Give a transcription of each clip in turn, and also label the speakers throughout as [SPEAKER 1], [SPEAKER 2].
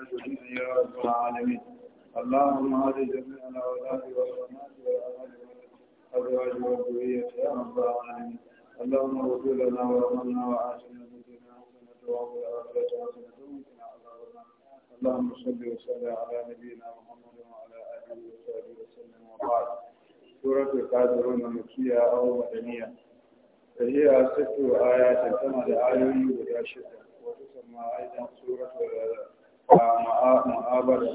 [SPEAKER 1] الحمد يا رب العالمين اللهم هذه جميع الأولاد
[SPEAKER 2] والبنات والأهل
[SPEAKER 1] والأزواج والذرية يا رب العالمين اللهم اغفر لنا وارحمنا وآتنا
[SPEAKER 2] في الدنيا حسنة وفي الآخرة حسنة
[SPEAKER 1] وقنا اللهم صل وسلم على نبينا محمد وعلى آله وصحبه وسلم وبعد سورة الكافرون مكية أو مدنية فهي ست آيات تمر آيوي ولا وتسمى أيضا سورة ma'abada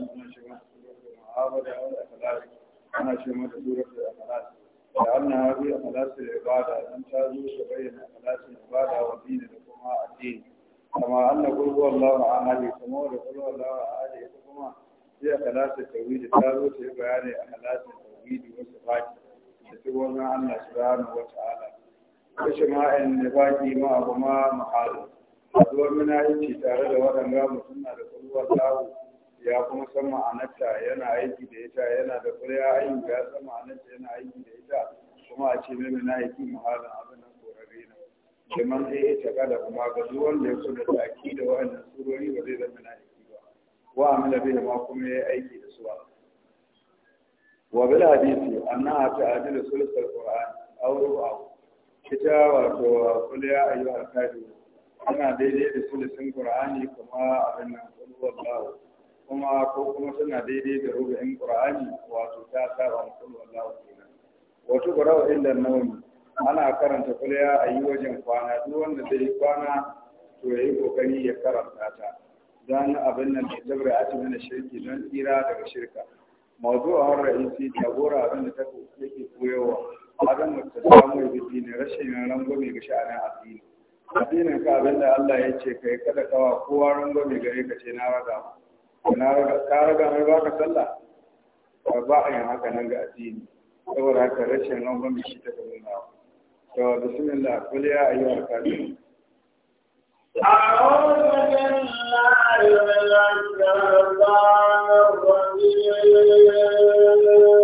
[SPEAKER 1] ana ce mata suratul da ibada dan ta zo ta bayyana ibada wa da kuma addini kama anna qul huwallahu ahad kuma ta zo ta bayani ikhlas al tawhid wa sifati da tsoron Allah kashe ma'an da baki ma abu mahalin haduwar aiki tare da waɗanda mutum na da kuruwar tsawo ya kuma san ma'anarta yana aiki da ita yana da kuriya ayin ya san ma'anarta yana aiki da ita kuma a ce mai aiki muhalin abin nan korare na liman zai iya taka da kuma ga duk wanda ya kula da taki da waɗannan surori ba zai zama aiki ba wa amina bai ma kuma ya aiki da su ba wa bil hadisi da ta'dilu sulul qur'an aw ru'a ita wato kuliya ayyuhal kafirun ana daidai da sulisin qur'ani kuma abin nan kulwallahu kuma ko kuma suna daidai da rubu'in qur'ani wato ta saba kulwallahu kenan wato qura'u inda nawmi ana karanta kulya a yi wajen kwana duk wanda zai yi kwana to ya yi kokari ya karanta ta don abin nan da jabra a cikin da shirki don tsira daga shirka mawzu a har ra'isi gora abin da take koyarwa abin da ta samu ya ne rashin gome ga sha'anin addini addinin ka abin da Allah ya ce kai kada kawa kowa mai gare ka ce na raga na raga ka raga mai baka sallah ba ba a yin haka nan ga addini saboda haka rashin mai shi ta gani na to bismillah kul ya al kafirun
[SPEAKER 3] أعوذ بالله من الشيطان الرجيم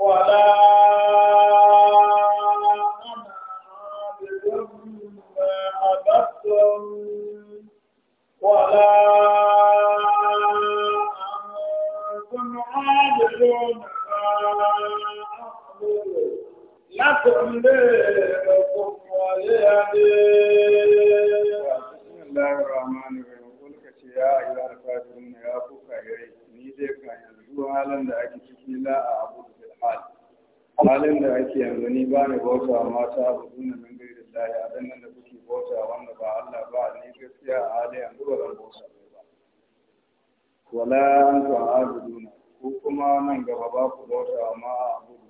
[SPEAKER 3] ولا أنا عابد ما عبدتم ولا أنتم عابدون ما أعبد لكم دينكم ولي بسم الله الرحمن الرحيم ya ayyuhal kafirun ya kuka gare
[SPEAKER 1] ni dai ka yanzu halin da ake ciki la a abu hal halin da ake yanzu ni ba ni bauta wa mata abu duna min gai da lahi a dan da kuke bauta wanda ba Allah ba ni gaskiya a halin yanzu ba zan bauta mai ba wala an to abuduna ko kuma nan gaba ba ku bauta wa ma abudu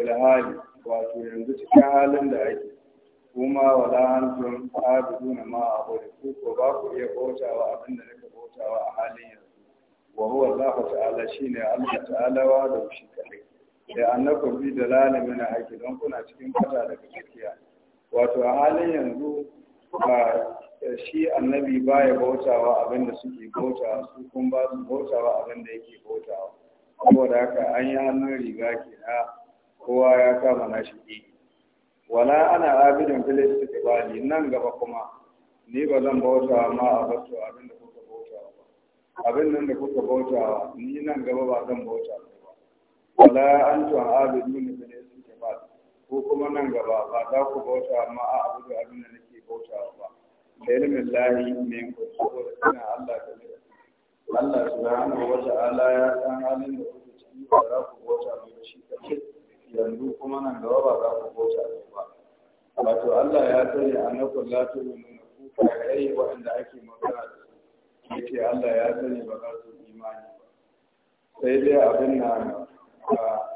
[SPEAKER 1] ilhali wato yanzu cikin halin da ake kuma wala an tun abuduna ma abudu ko ko ba ku iya bautawa abin da nake bautawa a halin yanzu wa huwa Allah ta'ala shine Allah ta'ala wa da shi kadai da annaka bi dalalin min aiki don kuna cikin fata daga gaskiya wato a halin yanzu ba shi annabi baya bautawa abin da suke bautawa su kun ba su bautawa abin da yake bautawa saboda haka an yi hannun riga ke na kowa ya kama na shi wala ana abidin filis da bali nan gaba kuma ni ba zan bautawa ma a bautawa abin da kuka bautawa ba abin nan da kuka bautawa ni nan gaba ba zan bautawa wala an to abin nuna da ne suke ba ko kuma nan gaba ba za ku bauta amma a abu da abin da nake bauta ba da ilimin lahi ne ku saboda suna Allah da ne Allah subhanahu wa ta'ala ya san halin da kuke ciki ba za ku bauta ba shi kace yanzu kuma nan gaba ba za ku bauta ba wato Allah ya sani ta yi nuna ku kai waɗanda ake magana da su yace Allah ya sani ba za su imani ba
[SPEAKER 2] sai dai abin na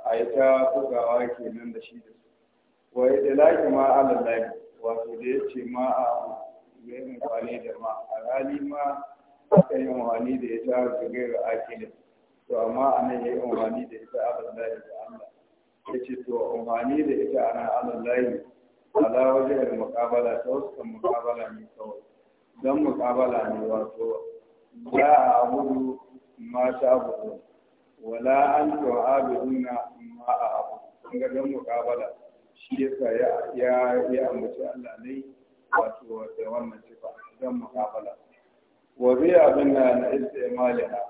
[SPEAKER 1] a yi ta bugawa nan da shi da su wa da laki ma ala laki wato da ya ce ma a yayin kwale da ma A rali ma aka yi amfani da ita ga gaira akilin to amma a nan ya yi amfani da ita ala laki da Allah ya ce to amfani da ita ana ala laki ala wajen mukabala ta wasu mukabala mai kawai don mukabala ne wato za a abudu ma ta abudu wala an to abiduna ma a abu kun ga don muqabala shi yasa ya ya ya ambaci Allah ne wato da wannan sifa don muqabala wa bi abinna na istimalaha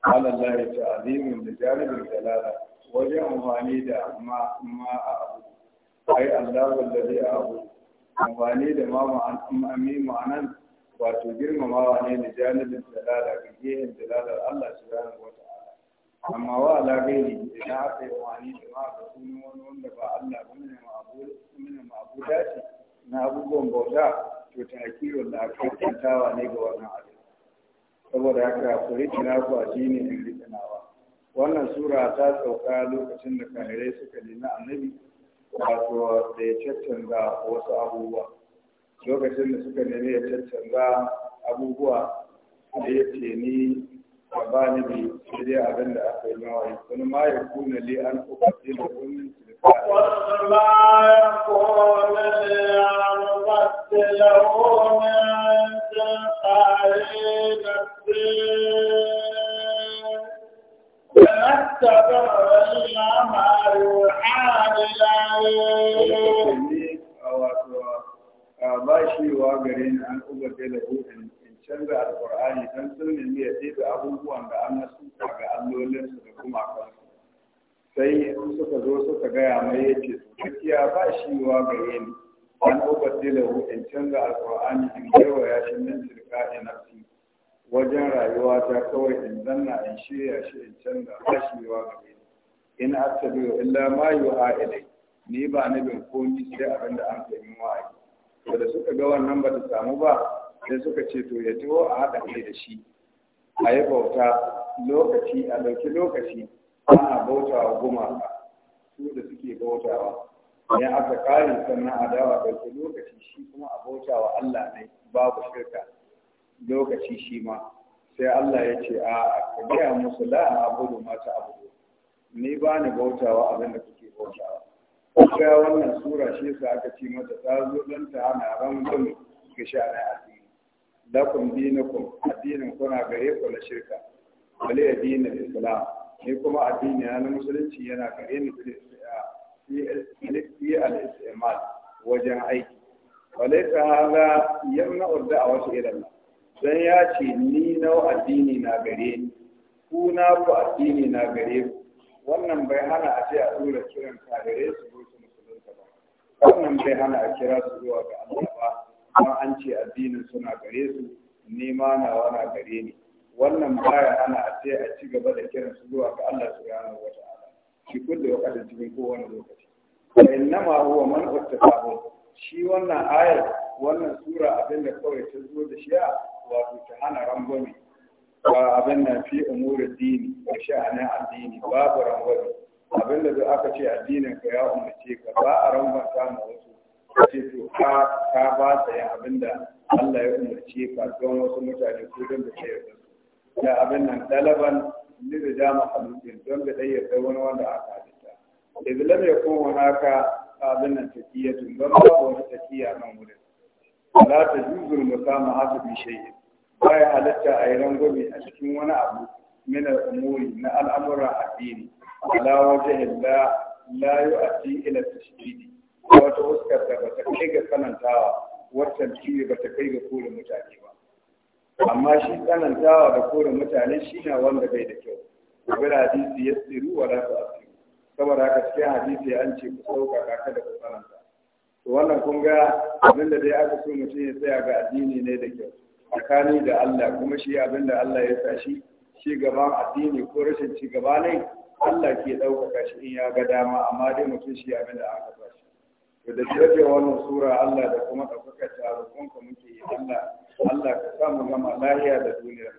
[SPEAKER 1] ala Allah ta'zimin da janibin dalala wajen amfani da ma ma
[SPEAKER 2] a abu ai Allah wallahi a abu amfani da ma ma'anan ma'anan wato girmamawa ne da janibin
[SPEAKER 1] dalala ga gehen dalalar Allah subhanahu wa ta'ala amma wa ala gairi idan aka yi wani da ma ga sunan wani wanda ba Allah ba mina ma'abuda ce na abubuwan bauta to ta hakiro da aka kantawa ne ga wannan abin
[SPEAKER 2] saboda haka ku rike na ku a jini
[SPEAKER 1] in rike nawa wannan sura ta sauka lokacin da kahirai suka nemi annabi wato da ya caccanza wasu abubuwa lokacin da suka nemi ya caccanza abubuwa da ya ce ni فغالبي
[SPEAKER 3] سيدي أبن أخي نوعي وما يكون لي أن أبدله من تلقاء وما يكون لي أن أبدله من تلقاء نفسي فنتبع إلا ما يوحى إليه.
[SPEAKER 1] Ba shi wa gare ni an canza alkur'ani don sun nemi ya ɗebe abubuwan da an nasuka ga allolinsu da kuma kansu sai suka zo suka gaya mai yake gaskiya ba shi wa gare ni an ubaddila da in canza alkur'ani in ya shi nan tilka nafi wajen rayuwa ta kawai in zanna in shirya shi in canza ba shi wa gare ni in attabi'u illa ma yuha ni ba ni nabin komi sai abinda an kai min wa'ayi Bada suka ga wannan ba ta samu ba sai suka ce to ya taho a haɗa kai da shi a yi bauta lokaci a ɗauki lokaci ana bautawa gumaka su da suke bautawa
[SPEAKER 2] ya aka kare sannan a dawa
[SPEAKER 1] ɗauki lokaci shi kuma a bautawa Allah ne babu shirka lokaci shi ma sai Allah ya ce a ka gaya musu la abudu mata abu ni ba ni bautawa abin da kuke bautawa ga wannan sura shi yasa aka ce mata ta zo dan ta hana ran gumi ga sha'anin lakum dinakum addinin kuna gare ku na shirka wale addinin islam ni kuma addini na musulunci yana gare ni fi al-istimal wajen aiki wale ta haza yamna urda a wasu irin dan ya ce ni nau addini na gare ni ku na ku addini na gare ku wannan bai hana a ce a dora kiran kare su zo su musulunta ba wannan bai hana a kira su zuwa ga Allah ba kuma an ce addinin suna gare su nema na wana gare ni wannan baya ana a sai a ci gaba da kiran su zuwa ga Allah subhanahu wa ta'ala shi kullu waqatin cikin kowane lokaci wa innama huwa man ittaqahu shi wannan ayar wannan sura abin da kawai ta zo da shi a wato ta hana rangwame ba abin nan fi umurin dini da sha'anin addini babu rangwame abin da aka ce addinin ka ya umarce ka ba a rangwanta ma wasu ce to ka ka ba abin da Allah ya umarce ka don wasu mutane ko don da ke yarda da abin nan dalaban ni da dama halittin don da dai yarda wani wanda aka halitta idan lam yakun hunaka abin nan tafiyatun don babu wani tafiya nan wurin la ta juzul musama haka bi shay'in baya halitta a yi rangwame a cikin wani abu min al'umuri na al'amuran addini ala wajhin la la yu'addi ila tashdidi wata huskar da ta kai ga tsanantawa wancan ba ta kai ga kore mutane ba amma shi tsanantawa da kore mutane shi na wanda bai da kyau gobe hadisi ya tsiru wa za su asiru saboda haka cikin hadisi an ce ku sauƙaƙa da ku tsananta to wannan kun ga abin da dai aka so mutum ya tsaya ga addini ne da kyau tsakani da Allah kuma shi abin da Allah ya sa shi ci gaban addini ko rashin ci gaba ne Allah ke ɗaukaka shi in ya ga dama amma dai mutum shi abin da aka da jirage wannan sura Allah da kuma ɗaukaka ta roƙonka muke yi Allah Allah ka samu gama lahiya da duniya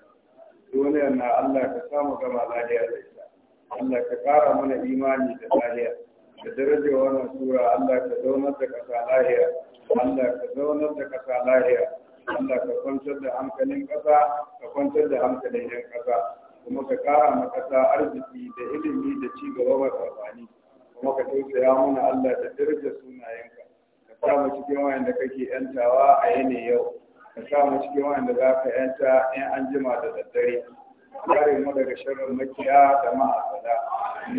[SPEAKER 1] duniyar na Allah ka samu gama lahiya da ita Allah ka ƙara mana imani da lahiya da jirage wannan sura Allah ka zaunar da ƙasa lahiya Allah ka zaunar da ƙasa lahiya Allah ka kwantar da hankalin ƙasa ka kwantar da hankalin 'yan ƙasa kuma ka ƙara ma ƙasa arziki da ilimi da ci gaba ba tsakani. kuma ka tausaya mana Allah da daraja sunayenka ka sa mu cikin wayanda kake yantawa a yini yau ka sa mu cikin wayanda za ka yanta in an jima da daddare kare mu daga sharrin makiya da ma'asada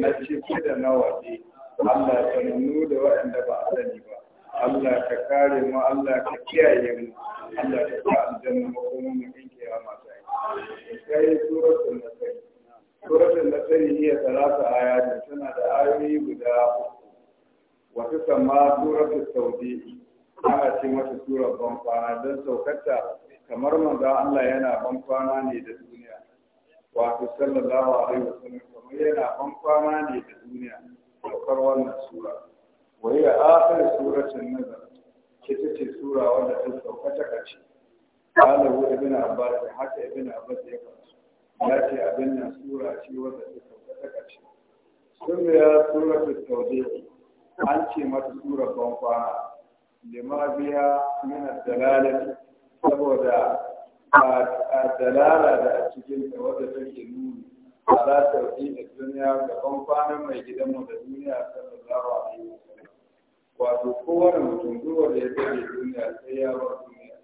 [SPEAKER 1] na ciki da na waje Allah sanannu da wayanda ba a sani ba Allah ka kare mu Allah ka kiyaye mu Allah ka sa aljanna mu in kiyama ta
[SPEAKER 3] yi sai suratul nasr
[SPEAKER 1] suratul nasri hiya talata ayati tana da ayoyi guda wata sama suratul saudi ana ce mata surar bankwana don saukata. kamar manzo Allah yana bankwana ne da duniya wato sallallahu alaihi wasallam kamar yana bankwana ne da duniya saukar wannan sura wa hiya akhir suratul nazar ita ce sura wanda ta sauka ta kace قال ابن عباس حتى ابن عباس يقرأ ya ce abin nan sura ce wadda ta tabbata ƙarshe sun ya sura ta tauje an ce mata sura bankwana lima biya mina dalalati saboda a dalala da a cikin ta wadda take nuni ala tauki a duniya ga bankwanan mai gidanmu da duniya da sallallahu alaihi wasallam wato kowane mutum duk wanda ya dade duniya sai ya bar duniya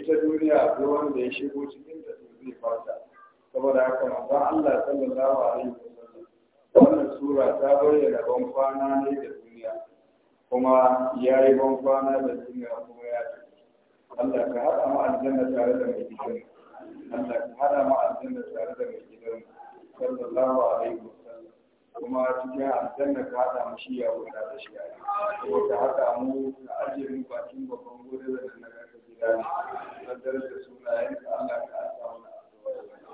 [SPEAKER 1] ita duniya akwai wanda ya shigo cikin da zai fata saboda haka manzon Allah sallallahu alaihi wasallam wannan sura ta bayyana ban kwana ne da duniya kuma ya yi ban kwana da duniya kuma ya tafi Allah ka haɗa mu aljanna tare da mai gidan Allah ka haɗa mu aljanna tare da mai gidan sallallahu alaihi wasallam kuma cikin aljanna ka haɗa mu shi ya wuta da shi yayi ko ka haɗa mu ka ajiye mu bakin babban gobe da na gida na
[SPEAKER 3] da sunayen ka Allah ka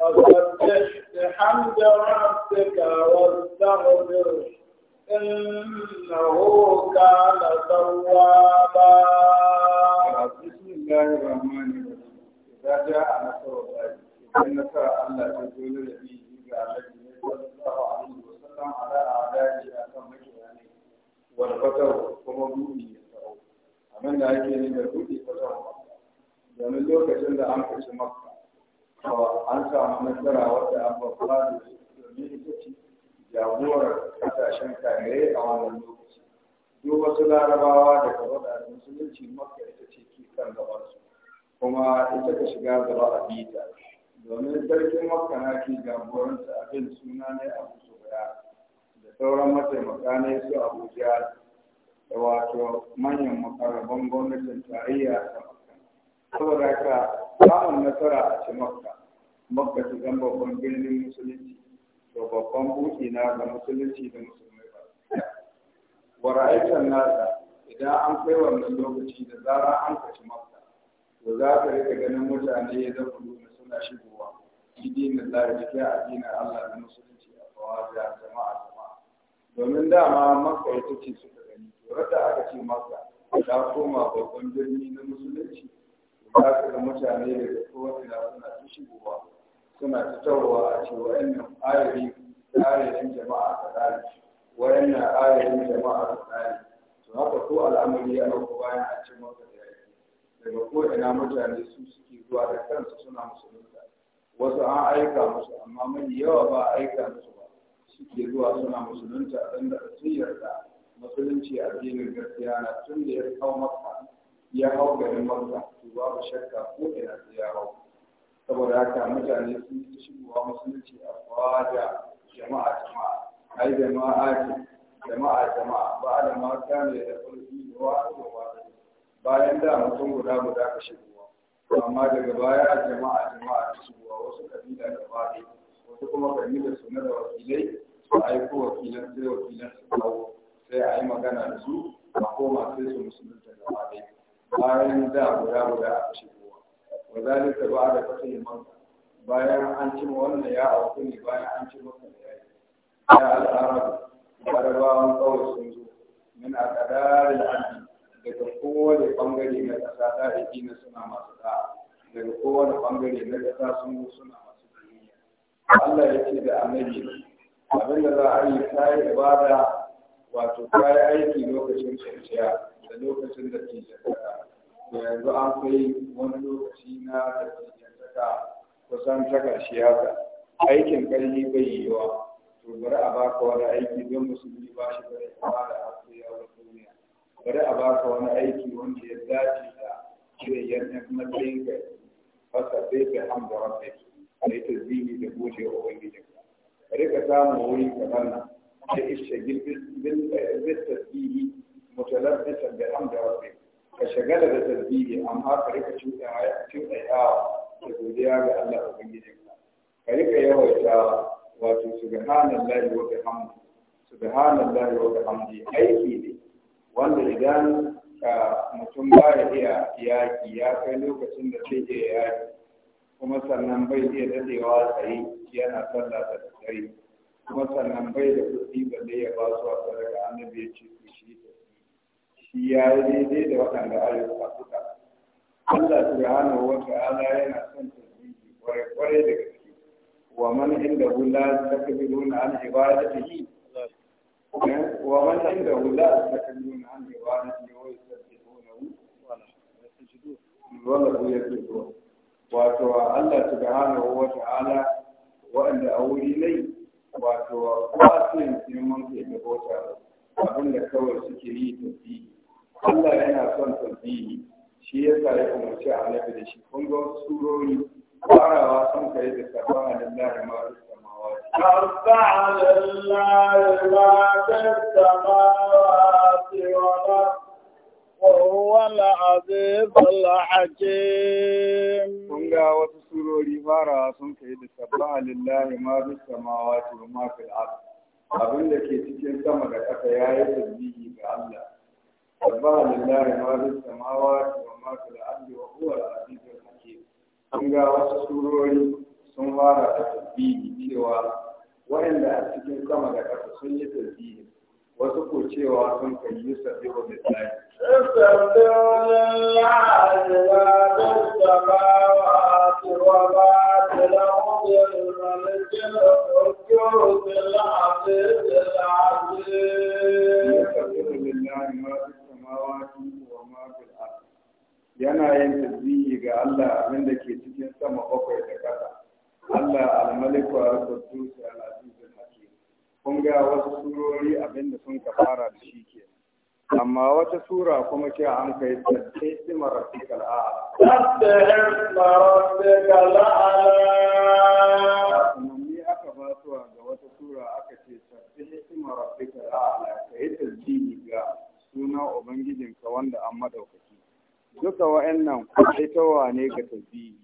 [SPEAKER 3] فسبح بحمد ربك واستغفره إنه كان توابا بسم الله الرحمن الرحيم إذا جاء نصر الله إن نصر الله
[SPEAKER 1] الذي جاء الذي صلى الله عليه وسلم على أعدائه أكم مكيانه والفتر كما بوئي يسعون أمن لا يكيني بالبوئي فتر مكة لأن اليوم كجل an samu nasara wadda an babba da domin ita ce jagorar kasashen kare a wannan lokaci duk wasu larabawa da gaba da musulunci maka ita ce ke kan gabansu kuma ita ka shiga gaba a bita domin sarkin makka na ke jagoranta abin suna ne abu subaya da sauran mataimaka ne su abuja da wato manyan makarraban gwamnatin tarayya ta saboda ka samun nasara a ci makka makka ta zan babban birnin musulunci to babban buɗi na ga musulunci da musulmai ba wa ra'aitan nasa idan an kai wannan lokaci da zara an kaci makka to za ka rika ganin mutane ya zama nuna suna shigowa idin Allah cikin addinin Allah da musulunci a fawaja jama'a jama'a domin dama makka ita ce suka gani to da aka ce makka ta koma babban birni na musulunci ba mutane daga kowane suna ta shigowa suna ta tawowa a cewa wa'annan ayayi ayayin jama'a a tsari wa'annan ayoyin jama'a a tsari to haka ko al'amari ya ɗauko bayan a cikin maka da yaki daga ko'ina mutane su suke zuwa da kansu suna musulunta
[SPEAKER 2] wasu an aika musu amma mai yawa
[SPEAKER 1] ba aika musu ba suke zuwa suna musulunta don da sun yarda musulunci addinin gaskiya na tun da ya kawo maka ya hau garin makka to babu shakka ko ina sai ya hau
[SPEAKER 2] saboda haka mutane
[SPEAKER 1] sun yi shigowa musulunci a fada jama'a jama'a ai jama'a ce jama'a jama'a ba da mata ne da kulki da wasu da bayan da mutum guda guda ka shigowa
[SPEAKER 2] amma daga baya
[SPEAKER 1] jama'a jama'a ta shigowa wasu kabila da ba wasu kuma kabila su na da wakilai su aiko wakilan sai wakilan su kawo sai a yi magana da su a koma sai su musulunta da ɗaya bayan da guda guda a kashe kowa wa zalika ba da fasihin manka bayan an ci wannan ya auku ne bayan an ci maka da yi. ya al'arabu arabawan kawai sun zo min a kadarin arzi daga kowane bangare na ƙasa ta na suna masu da daga kowane bangare na ƙasa sun zo suna masu duniya Allah ya ce da annabi abin da za a yi ta yi ibada wato yi aiki lokacin kwanciya da lokacin da ke jantaka da yanzu an kai wani lokaci na da ke jantaka kusan ta karshe haka aikin ƙarfi bai yi yawa, to bari a baka wani aiki don musulmi ba shi bari a fara
[SPEAKER 2] afiya wa duniya
[SPEAKER 1] bari a baka wani aiki wanda ya dace da shirya na matsayin ka fasa sai ka hamda rabbi kai ta zini da gode wa Bari ka rika samun wurin ka nan يشتغل بالتسبيح متلبسا بحمد ربك كشغل بالتسبيح أما كريك تشوتها تقوليا بالله وبنجيك كريك يويتا واتو سبحان الله وبحمده سبحان الله وبحمده أيكي دي wanda idan mutum ba ya iya yaki ya kai lokacin da zai iya yaki kuma sannan bai iya dadewa tsaye yana sallah da tsaye kuma sannan bai da kuɗi balle ya ba su a sadaka annabi ya ce su shi da shi ya yi daidai da waɗanda ayyuka suka Allah subhanahu wa ta'ala yana son tasbihi kware-kware da gaske wa man inda hu la takbiruna an ibadatihi eh, wa man inda hu la takbiruna an ibadatihi wa yusabbihunahu wa la yasjudun wato Allah subhanahu wa ta'ala wa'anda a wuri lai wato ba su yin girman kai da bauta abin da kawai suke yi tasbihi Allah yana son tasbihi shi sa ya umarci annabi da shi kun ga surori farawa sun kai da sabana lillahi ma fi
[SPEAKER 3] samawati sabana lillahi ma fi samawati wa وهو العزيز الحكيم kun ga wasu surori fara sun kai da sabbaha lillahi
[SPEAKER 1] ma bis samawati wa ma fil abin da ke cikin sama da ƙasa ya yi tasbihi ga Allah sabbaha lillahi ma bis samawati wa ma fil ard wa huwa al-aziz al-hakim ga wasu surori sun fara da tasbihi cewa waɗanda a cikin sama da ƙasa sun yi tasbihi wasu ko cewa sun kai yi sabbi wa billahi
[SPEAKER 3] wa
[SPEAKER 1] yana yin tasiri ga Allah abin da ke cikin sama bakwai da ƙasa Allah al-Malik ga wasu surori abinda sun ka fara da shi ke amma wata sura kuma ke an kai tsaye si marafi kal'a umarni aka ba suwa ga wata sura aka ce tsaye si marafi kal'a ka yi tasbihi ga suna ubangijinka wanda an madaukaki duka wa'annan kwaitawa ne ga tasbihi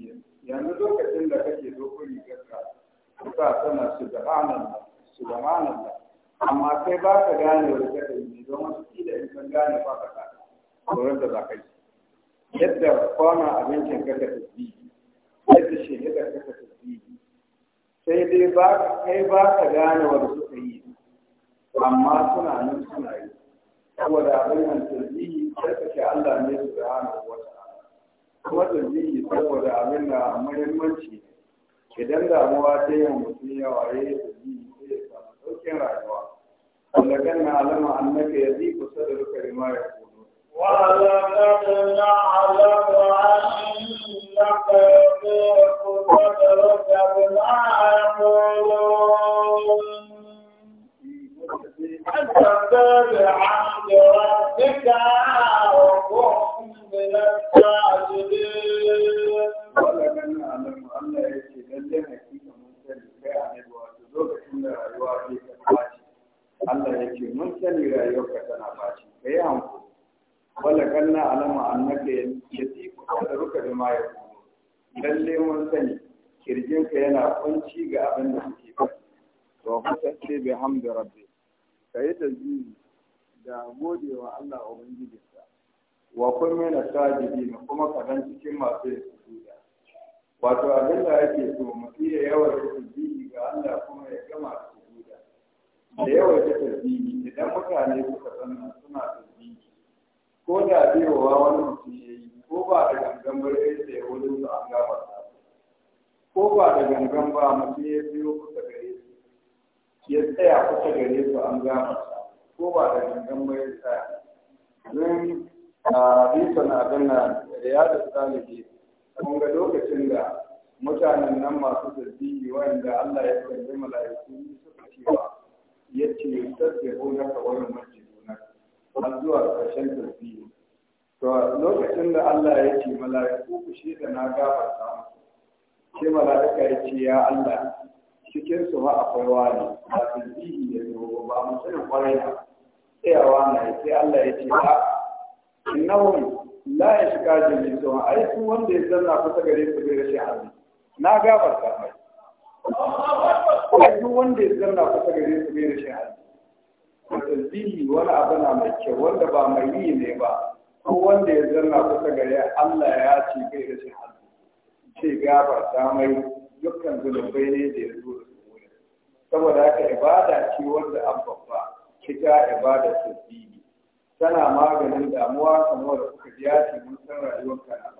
[SPEAKER 1] yanzu lokacin da kake zo gaska rigarka ku sa sana subhanallah subhanallah amma sai ba ka gane wani kada yi don wasu kila da isan gane ba ka ta tsoron da za ka yi yadda kwana abincin ka ta tafi yadda yadda ka ta tafi sai dai kai ba ka gane wani suka yi amma suna nan suna yi saboda abin nan ka ce Allah ne da wa wata kuma tsoji saboda abin da muhimmanci idan damuwa ta yi mutum yawa ya yi tsoji sai ya samu sauƙin rayuwa wanda kan na alama annaka ya zi kusa
[SPEAKER 3] da duka rima ya kudu. ولقد نعلم أنك يضيق صدرك بما يقولون فاستغفر عن ربك وكن من
[SPEAKER 1] lalle mun sani kirjinka yana kunci ga abin da kake kai wa kusace bi hamdi rabbi kai da zizi da godewa Allah gidansa. wa kun na sajidi kuma kadan cikin masu sujuda wato abin da yake so mutum ya yawan ga Allah kuma ya gama sujuda da yawan tasbihi idan mutane suka sanna suna tasbihi ko da biyowa wani mutum ya yi ko ba da gangan ba ya ce wajen su an gabata ko ba da gangan ba mutum ya biyo kusa gare su ya tsaya kusa gare su an gabata ko ba da gangan ba ya tsaya don a bisa na da ya da talibi kun ga lokacin da mutanen nan masu tasbihi wanda Allah ya kalli mala'iku suka cewa yace tasbihu naka wa majiduna har zuwa ƙarshen tasbihi to lokacin da Allah ya ce mala'iku ku shi da na gafarta musu sai mala'ika ya ce ya Allah cikin su ma akwai wani ba su jihi ya zo ba mu sani kwarai ba tsayawa na ya sai Allah ya ce ba innahum la ya shiga jini so ai su wanda ya zanna kusa gare su bai rashin hali? na gafarta mai ai wanda ya zanna kusa gare su bai rashin arziki da tasbihi wani abu na mai kyau wanda ba mai yi ne ba ko wanda ya zanna kusa gare Allah ya ce kai da shi hannu ce gafarta mai dukkan zunubai ne da ya zo da su saboda haka ibada ce wanda an babba kita ibada dini tana maganin damuwa kamar da kuka ji ya ce mun san rayuwar ka na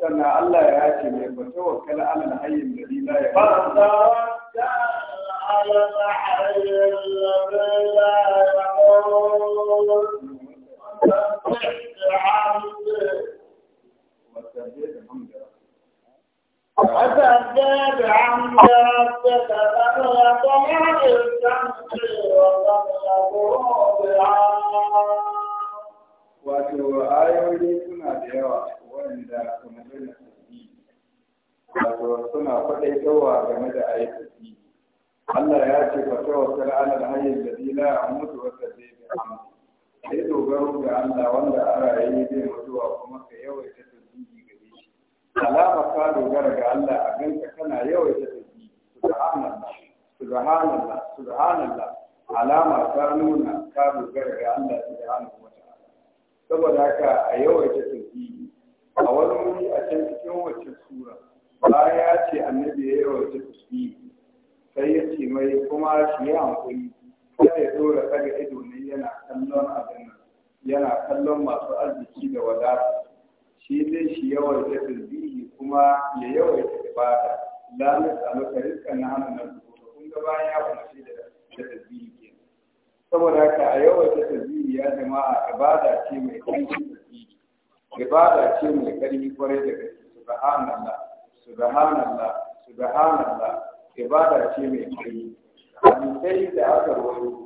[SPEAKER 1] sannan Allah ya ce mai ba tawakkal ala al-hayy alladhi la yamut ba
[SPEAKER 3] tawakkal ala al-hayy alladhi la ba فسبح عند ربك قبل طلوع الشمس وقبل
[SPEAKER 1] suna da yawa wanda kuma suna tasbi suna game da ayi Allah ya ce fa tawakkal ala al-hayy alladhi sai dogaro ga Allah wanda a yi zai mutuwa kuma ka yawaita tasbihi gare shi alama ka dogara ga Allah a ganka kana yawaita tasbihi subhanallah subhanallah subhanallah alama ta nuna ka dogara ga Allah subhanahu wa ta'ala saboda haka a yawaita tasbihi a wani wuri a can cikin wacce sura baya ya ce annabi ya yawaita
[SPEAKER 3] tasbihi
[SPEAKER 1] sai ya ce mai kuma shi ya hankali sai ya dora kaga ido yana kallon abin yana kallon masu arziki da wadata shi dai shi yawaita tasbihi kuma ya yawaita ibada la na rizqan nahnu narzuquka kun ga bayan ya umarci da da tasbihi ke saboda haka a yawaita tasbihi ya jama'a ibada ce mai ƙarfi ibada ce mai ƙarfi kwarai da gaske subhanallah subhanallah subhanallah ibada ce mai ƙarfi hadisai da aka rawaito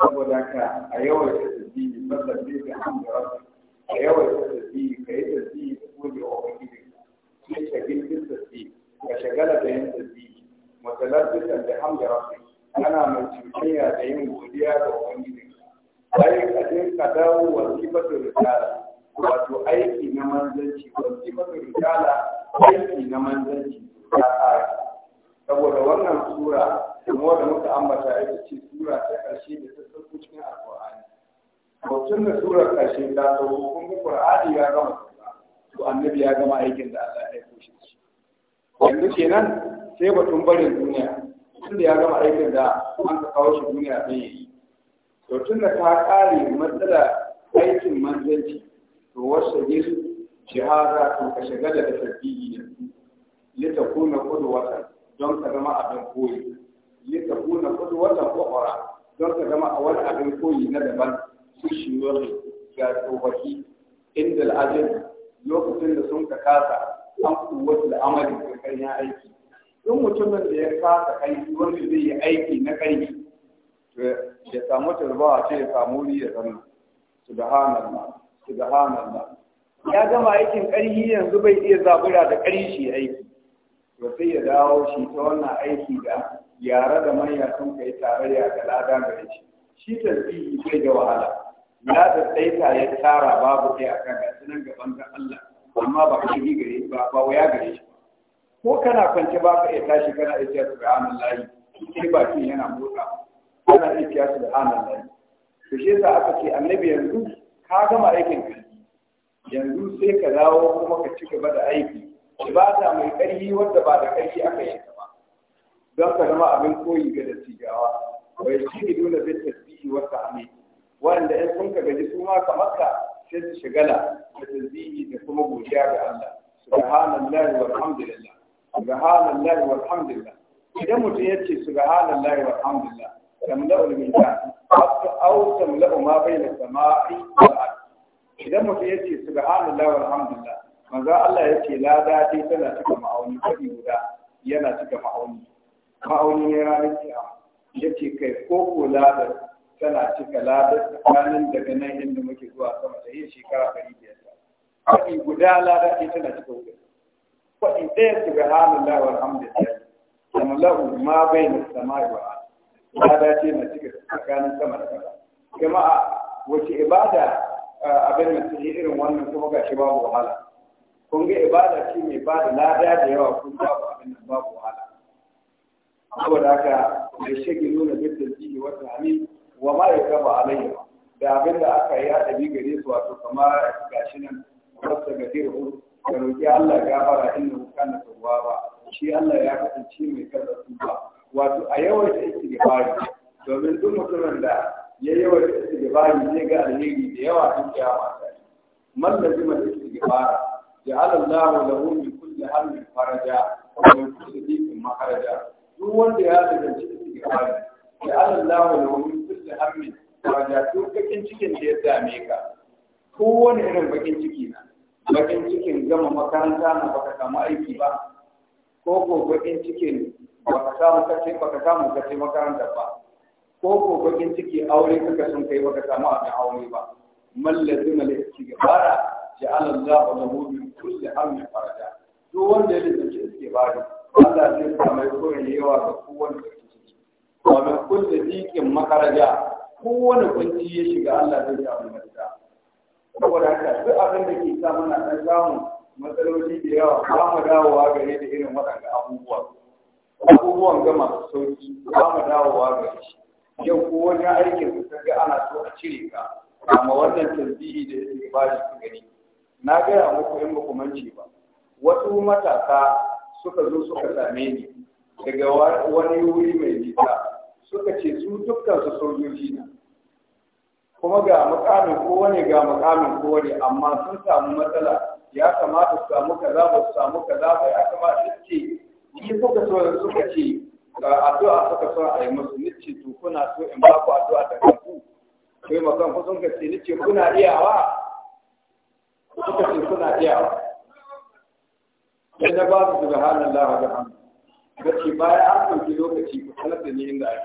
[SPEAKER 1] saboda ka a yawan ta tasbihi sallar bi da hamdu rabbi a yawan ta tasbihi ka yi tasbihi da gode wa ubangiji ki shagil bi tasbihi ka shagala da yin tasbihi mutalabbisan da hamdu rafi. ana mai cuciya da yin godiya ga ubangiji ai ka je ka dawo wasifatu risala wato aiki na manzanci wasifatu risala aiki na manzanci ya ƙara saboda wannan sura kuma da muka ambata ita ce sura ta ƙarshe da ta sauko cikin alƙur'ani to tun da surar ƙarshe ta sauko kun ga qur'ani ya gama to annabi ya gama aikin da Allah ya aiko shi yanzu kenan sai batun barin duniya tun da ya gama aikin da an ka kawo shi duniya zai yi to tun da ta ƙare matsala aikin manzanci to wasu ne shahara to ka shagala da tabbiyi yanzu ta kuna kudu wasan. don ka zama abin koyi lita kuna kudu wata kwakwara don ka zama a wani abin koyi na daban su shiwari ga tsofaffi inda al'ajin lokacin da sun ka kasa an kuwata al'amari da karya aiki don mutumin da ya kasa aiki wanda zai yi aiki na ƙarfi ya samu tarbawa ce ya samu wuri ya zama subhanallah subhanallah ya gama aikin ƙarfi yanzu bai iya zabura da ƙarfi shi aiki to sai ya dawo shi ta wannan aiki da yara da manya sun kai tarayya ga lada gare shi shi tasbihi bai da wahala ya da tsaita ya tara babu kai kan gasu nan gaban ga Allah amma ba shi shiri gare ba ba waya gare shi ko kana kwance ba ka iya tashi kana iya cewa subhanallahi sai bakin yana motsa kana iya cewa subhanallahi to shi yasa aka ce annabi yanzu ka gama aikin ka yanzu sai ka dawo kuma ka ci gaba da aiki ibada mai ƙarfi wanda ba da ƙarfi aka yi ta ba don ka zama abin koyi ga dattijawa bai shi ne dole zai tasbihi wa tahmid wanda in sun ka gaji su ma kamar ka sai su shigala da tasbihi da kuma godiya ga Allah subhanallahi walhamdulillah subhanallahi walhamdulillah idan mutum ya ce subhanallahi walhamdulillah tamla'ul mizan أو تملأ ما بين السماء والأرض إذا متيتي سبحان الله والحمد لله manzo Allah ya ce lada dai tana cika ma'auni kadi guda yana cika ma'auni ma'auni ne ranar kiyama yace kai ko ko lada tana cika lada tsakanin daga nan inda muke zuwa sama da yin shekara ɗari biyar kadi guda lada dai tana cika wuta Kwaɗi ɗaya su ga subhanallah walhamdulillah amma lahu ma bayna samai wa lada ce na cika tsakanin sama da ƙasa jama'a wace ibada abin da take irin wannan kuma gashi babu wahala kun ga ibada ce mai ba da lada da yawa kun babu abin nan babu wahala
[SPEAKER 2] saboda haka
[SPEAKER 1] mai shege nuna bidda jini wata hali wa ma ya gaba alayya da abin da aka yi adabi gare su wato kamar gashi nan wasu ga hu ka roƙi Allah gafara inda kuka na tawwa ba shi Allah ya kasance mai karɓar ba? wato a da istighfari domin duk mutumin da ya da istighfari zai ga alheri da yawa tun kiyama ta da lazima istighfara جعل الله له من كل هم faraja ومن كل ضيق مخرجا duk wanda ya daga cikin gabani Ya Allahu lahu min kulli hammin faraja duk cikin da ya dame ka Ko wani irin bakin ciki na bakin cikin gama makaranta na baka samu aiki ba ko ko bakin cikin baka samu kace baka samu kace makaranta ba ko ko bakin ciki aure kaka sun kai baka samu abin aure ba mallazi lati gabara ja'ala Allahu lahu min kulli hammin faraja duk wanda ya lalace iske bari Allah zai sa mai koyon yawa ga kowane da ke ciki wa min kulli dikin makaraja kowane kunci ya shiga Allah zai sa mai mafita saboda haka duk abin da ke sa mana dan samu matsaloli da yawa ba mu dawowa gare da irin waɗanda abubuwa abubuwan gama masu sauki ba mu dawowa gare shi yau ko wajen aikin ka ga ana so a cire ka amma wannan tasbihi da yake ba su gani na gaya muku in ba kumanci ba wasu matasa suka zo suka same ni daga wani wuri mai nisa suka ce su dukkan su sojoji na kuma ga mukamin kowane ga mukamin kowane amma sun samu matsala ya kamata su samu kaza ba su samu kaza ba ya kamata su ce ni suka so suka ce addu'a suka so a yi musu ce to kuna so in ba ku addu'a da kanku sai makan ku sun ka ce ce kuna iyawa suka ce suna iya sai na ba su subhanan Allah da hamdu da ce bayan an ɗauki lokaci ku sanar da ni inda ake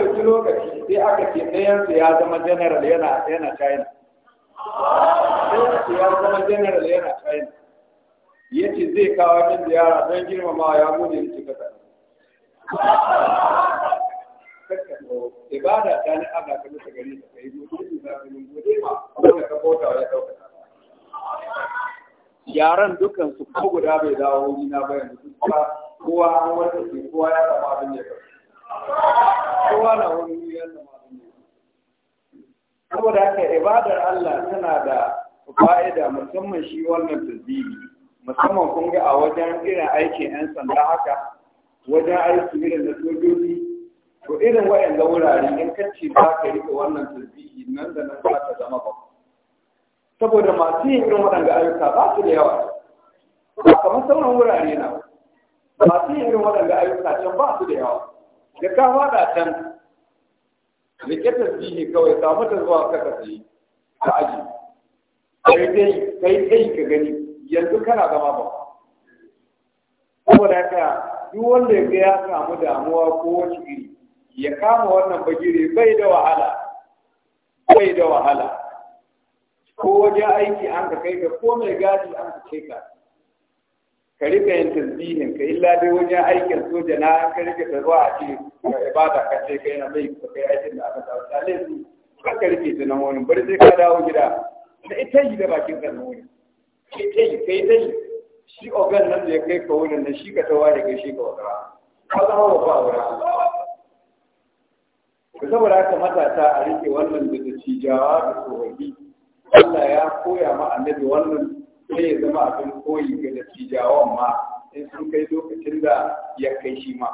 [SPEAKER 1] an ɗauki lokaci sai aka ce ɗayansu ya zama general yana yana China ɗayansu ya zama general yana China ya ce zai kawo min ziyara don girmamawa ya gode ni cika ta ibada ta ne ana ka bisa gari ta kai mutum na ganin gode ma wanda ka bauta ya dauka yaran dukan su ko guda bai dawo wuri na ba yanzu ba kowa an wata ce kowa ya zama abin ya kowa na wani wuri ya zama abin ya saboda haka ibadar Allah tana da fa'ida musamman shi wannan tasbihi musamman kun ga a wajen irin aikin 'yan sanda haka wajen aiki irin da sojoji to irin da wurare in kace ba ka rike wannan tasbihi nan da nan za ta zama ba
[SPEAKER 2] saboda masu yin irin waɗanda ayyuka ba su da yawa
[SPEAKER 1] ba kamar sauran wurare na masu yin irin waɗanda ayyuka can ba su da yawa da ka faɗa can rike tasbihi kawai ka ta zuwa kaka ta yi ta aji kai dai kai dai ka gani yanzu kana zama ba saboda haka duk wanda ya ga ya samu damuwa ko wani iri ya kama wannan bagire bai da wahala bai da wahala ko wajen aiki an ka kai ka ko mai gadi an ka kai ka ka rika yin tasbihin ka illa dai wajen aikin soja na an ka rika da ruwa a ce ka ibada ka ce kai na mai ka kai aikin da aka dawo ta laifi ka ka rike ta nan wani bari sai ka dawo gida da ita yi da bakin ka nan wani ita yi kai ta yi shi ogan nan da ya kai ka wurin nan shi ka tawa da kai shi ka wata ka zama ba wa ba da saboda haka matasa a rike wannan da da cijawa da tsohobi Allah ya koya ma annabi wannan sai ya zama abin koyi ga da cijawan ma in sun kai lokacin da ya kai shi ma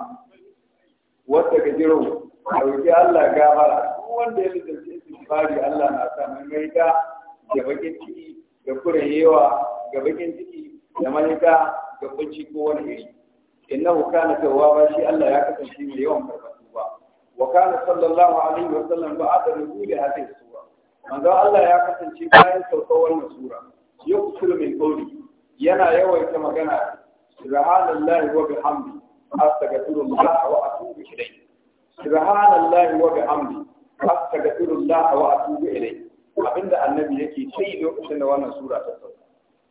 [SPEAKER 1] wata jiro a roƙi Allah gafara duk wanda ya lalace su bari Allah na sa mai da bakin ciki da kurayewa ga bakin ciki da mahita ga kunci ko wani iri innahu kana tawwaba shi Allah ya kasance mai yawan karɓa وكان صلى الله عليه وسلم بعد نزول هذه السورة من ذا الله يكسن شيء باين سوطور مسورة يقتل من قولي ينا يوي كما كان سبحان الله وبحمده أستغفر الله وأتوب إليه سبحان الله وبحمده أستغفر الله وأتوب إليه abinda annabi yake sai lokacin da wannan sura ta sauka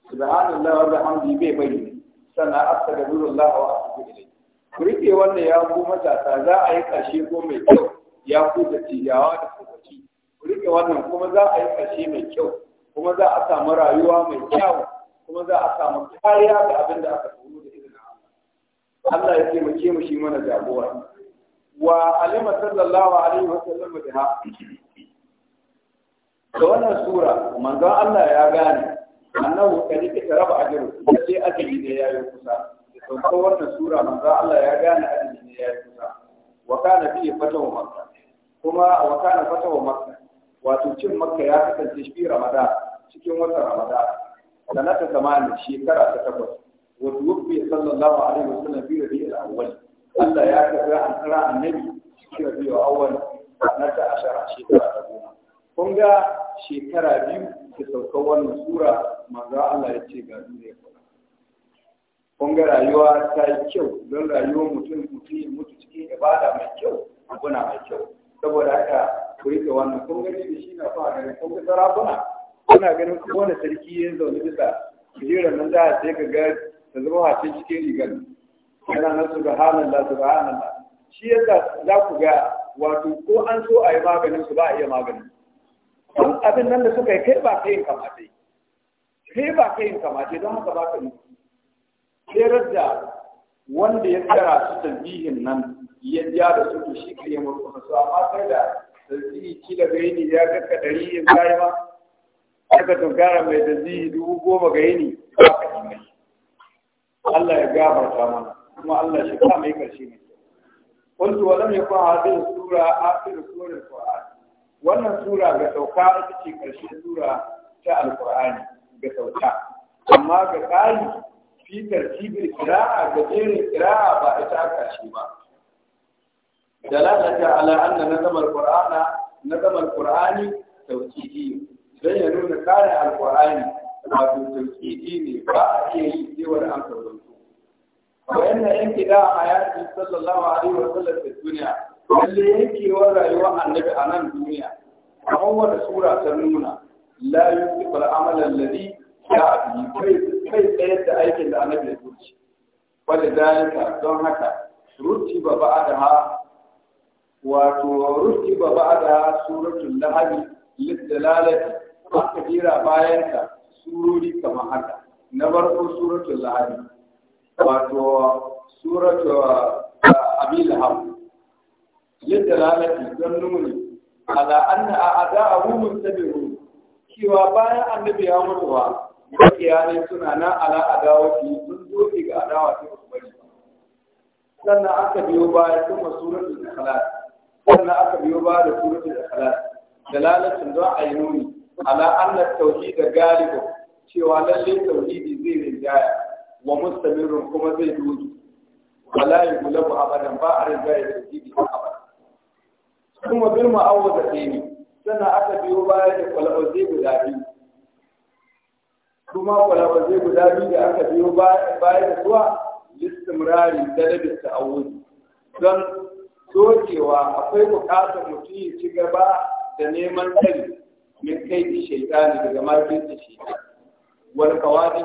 [SPEAKER 1] subhanallahi wa bihamdihi bai bayyana sana astaghfirullah wa atubu ilayhi rike wanda wannan ya ku matasa za a yi ƙarshe ko mai kyau ya ku da tijawa da tsofaffi rike wannan kuma za a yi kashe mai kyau kuma za a samu rayuwa mai kyau kuma za a samu kariya da abin da aka tsoro da izinin Allah Allah ya taimake mu shi mana jagora wa alima sallallahu alaihi wa sallam da ha da wannan sura manzon Allah ya gane annahu kadika raba ajiru sai ajiri ne yayin kusa saukar wannan sura manzo Allah ya gane addini ne ya kusa wa kana fi fatahu makka kuma wa kana fatahu makka wato cin makka ya kasance shi ramadan cikin watan ramadan sanata zamani shekara ta takwas wa dubi sallallahu alaihi wasallam fi rabi'il awwal Allah ya kafa an kira annabi cikin rabi'il awwal sanata ashara shekara ta goma kun ga shekara biyu da saukar wannan sura manzo Allah ya ce ga duniya kun ga rayuwa ta yi kyau don rayuwar mutum mutum ya mutu cikin ibada mai kyau abuna mai kyau saboda haka ku ga wannan kun gani da shi na fa ganin kun ga sarakuna kuna ganin kowane sarki ya zaune bisa jiran nan za a je ka ga ta zama hace cikin rigar yana nan su ga halin la su ga halin la shi yadda za ku ga wato ko an so a yi maganin su ba a iya maganin abin nan da suka yi kai ba kai kamata kamatai kai ba kai kamata kamatai don haka ba ka nufi. kerar da wanda ya tsara su tasbihin nan ya ja da su to shi kare murkusa su amma sai da tasbihi ki ga yini ya kaka ɗari ya bayi ma aka tunkara mai tasbihi dubu goma ga yini ba ka yi mai Allah ya gafarta mana kuma Allah shi kama yi karshe ne kuntu wa lam yakun hadhihi sura akhir sura al-Qur'an wannan sura ga sauka ita ce karshen sura ta al-Qur'ani ga sauka amma ga ƙari fi tartibin kira'a ga jerin kira'a ba ita aka ce ba dalalata ala anna nazamar qur'ana nazamar qur'ani tawqidi dan ya nuna kare alqur'ani wato tawqidi ne ba a iya yi sai wani an karanto wa yanna yanki da hayati sallallahu alaihi wa sallam fi duniya lalle yankewar rayuwar annabi a nan duniya kamar wata sura ta nuna la yusibul amalan ladhi ya abu kai tsayar da aikin da annabi ya zuci wanda zalika don haka rutti ba ba da ha wato rutti ba ba da ha suratul lahabi lidalalati aka jira bayan ka surori kamar haka na farko suratul lahabi wato suratul ah, abil ham lidalalati don nuni ala anna a'da'ahu muntabirun cewa bayan annabi ya mutuwa makiya ne suna nan ala adawa ki sun zoke ga adawa ta su bari sannan aka biyo baya kuma suratul ikhlas sannan aka biyo baya da suratul ikhlas dalalatin don a yi nuni ala anna tauhid galibu cewa lalle tauhidi zai rinjaya wa mustamirun kuma zai doke wala yughlabu abadan ba a rinjaya tauhidi abada kuma bil ma'awwazatayn sannan aka biyo baya da qal'azi guda biyu kuma kwalabazai guda biyu da aka biyo baya da zuwa listimrari da labis ta awuzi don dokewa akwai bukatar mutum ya ci gaba da neman tsari min kai da shaitani daga makin da shi wani kawani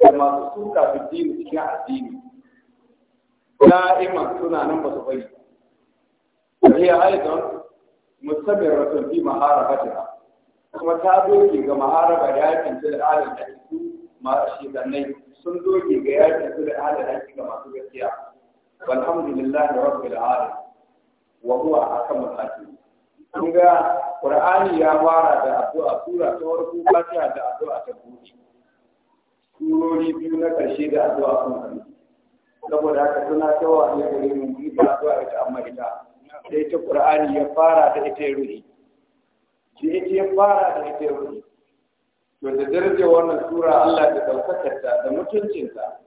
[SPEAKER 1] da masu suka fi dini cikin addini da'iman suna nan ba su bai. ya haifar musamman rasulfi mahara ba kuma ta doge ga maharaba da yakin su da da su masu shekarnai sun doge ga yakin su da alal haƙi ga masu gaskiya walhamdulillahi da alamin wa huwa akamul hakim kun ga qur'ani ya fara da addu'a sura ta farko fatiha da addu'a ta buɗe surori biyu na ƙarshe da addu'a sun kan saboda haka suna tawa ne gare mu yi ba addu'a ita amma ita sai ta qur'ani ya fara da ita ya ruhi shi ita fara da ita ya rufe to da daraja wannan sura Allah da ɗaukakarta da mutuncinta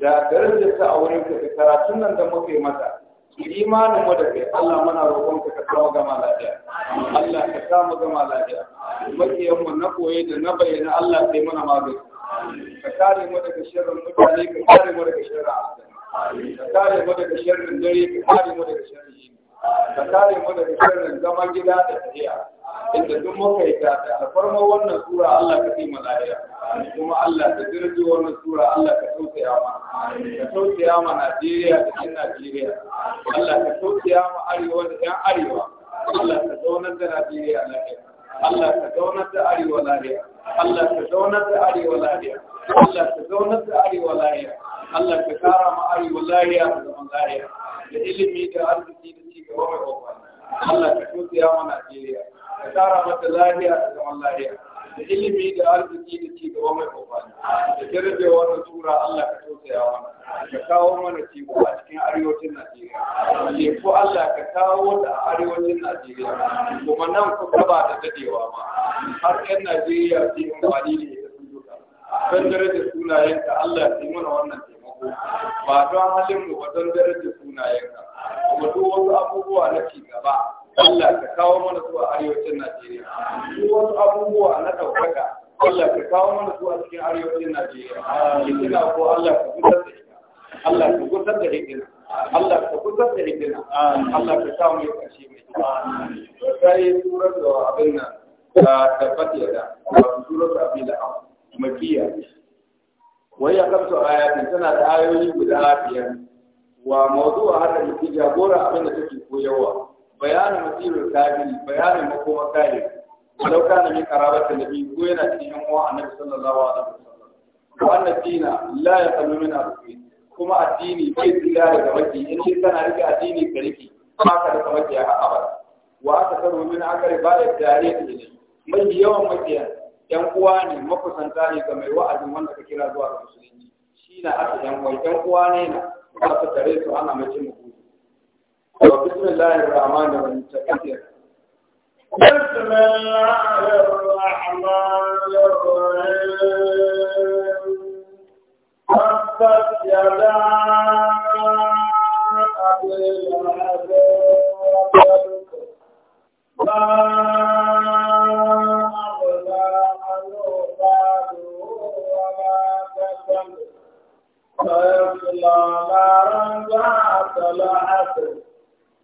[SPEAKER 1] da darajarta a wurin ka da karatun nan da muka yi mata imanin mu da kai Allah muna roƙon ka ka samu gama lafiya Allah ka samu gama lafiya makiyan mu na koye da na bayyana Allah sai mana magani ka kare mu daga sharrin mutane ka kare mu daga sharrin ka kare mu daga sharrin dare ka kare mu daga sharrin yini ka kare mu daga sharrin zaman gida da tafiya inda duk mafaita da alfarmar wannan sura Allah ka fi malaya kuma Allah ka jirgi wannan sura Allah ka tausaya ma ka tausaya ma Najeriya da yan Najeriya Allah ka tausaya ma arewa da yan arewa Allah ka zaunar da Najeriya lafiya Allah ka zaunar da arewa lafiya Allah ka zaunar da arewa lafiya Allah ka zaunar da arewa lafiya Allah ka kara ma arewa lafiya da zaman lafiya da ilimi da arziki da cigaba mai kwakwani Allah ka tausaya ma Najeriya ka tara mata lahiya da zaman lahiya da ilimi da arziki da ci gaba mai amfani da jarrabewar da tura Allah ka tausaya mana ka kawo mana ci a cikin arewacin Najeriya ke ko Allah ka kawo da arewacin Najeriya kuma nan ku gaba da dadewa ma har 'yan Najeriya su yi amfani da ita sun duka don darajar sunayenka Allah ya yi mana wannan taimako ba don halin mu ba don darajar sunayenka kuma duk wasu abubuwa na ci gaba Allah ka kawo mana su a arewacin Najeriya duk wasu abubuwa na ɗaukaka Allah ka kawo mana su a cikin arewacin Najeriya hikima ko Allah ka gusar da hikima Allah ka gusar da hikima Allah ka gusar da hikima Allah ka kawo mai ƙarshe mai sai surar da abin nan da fatiya da wato surar da abin da makiya wai ya kamta ayatin tana da ayoyi guda biyar wa mawdu'a hada mutum jagora abin da take koyarwa bayanin masirin kafiri bayanin makoma kafiri walau kana min qarabati nabi ko yana cikin yan a annabi sallallahu alaihi wasallam wa anna dina la yaqulu min arfi kuma addini bai tsira da gabaki in shi kana rike addini ka rike ba ka da maki a abada wa aka karo min akari ba da tare da ne mai yawan makiya yan uwa ne makusanta ne ga mai wa'azin wanda ka kira zuwa ga musulunci shi na aka yan uwa yan uwa ne na ba su tare su ana mace mu وبسم الله الرحمن الرحيم تكثير
[SPEAKER 3] بسم الله الرحمن
[SPEAKER 2] الرحيم
[SPEAKER 3] تبت يدا أبي لهب ما أغنى عنه ماله وما كسب سيصلى نارا ذات لهب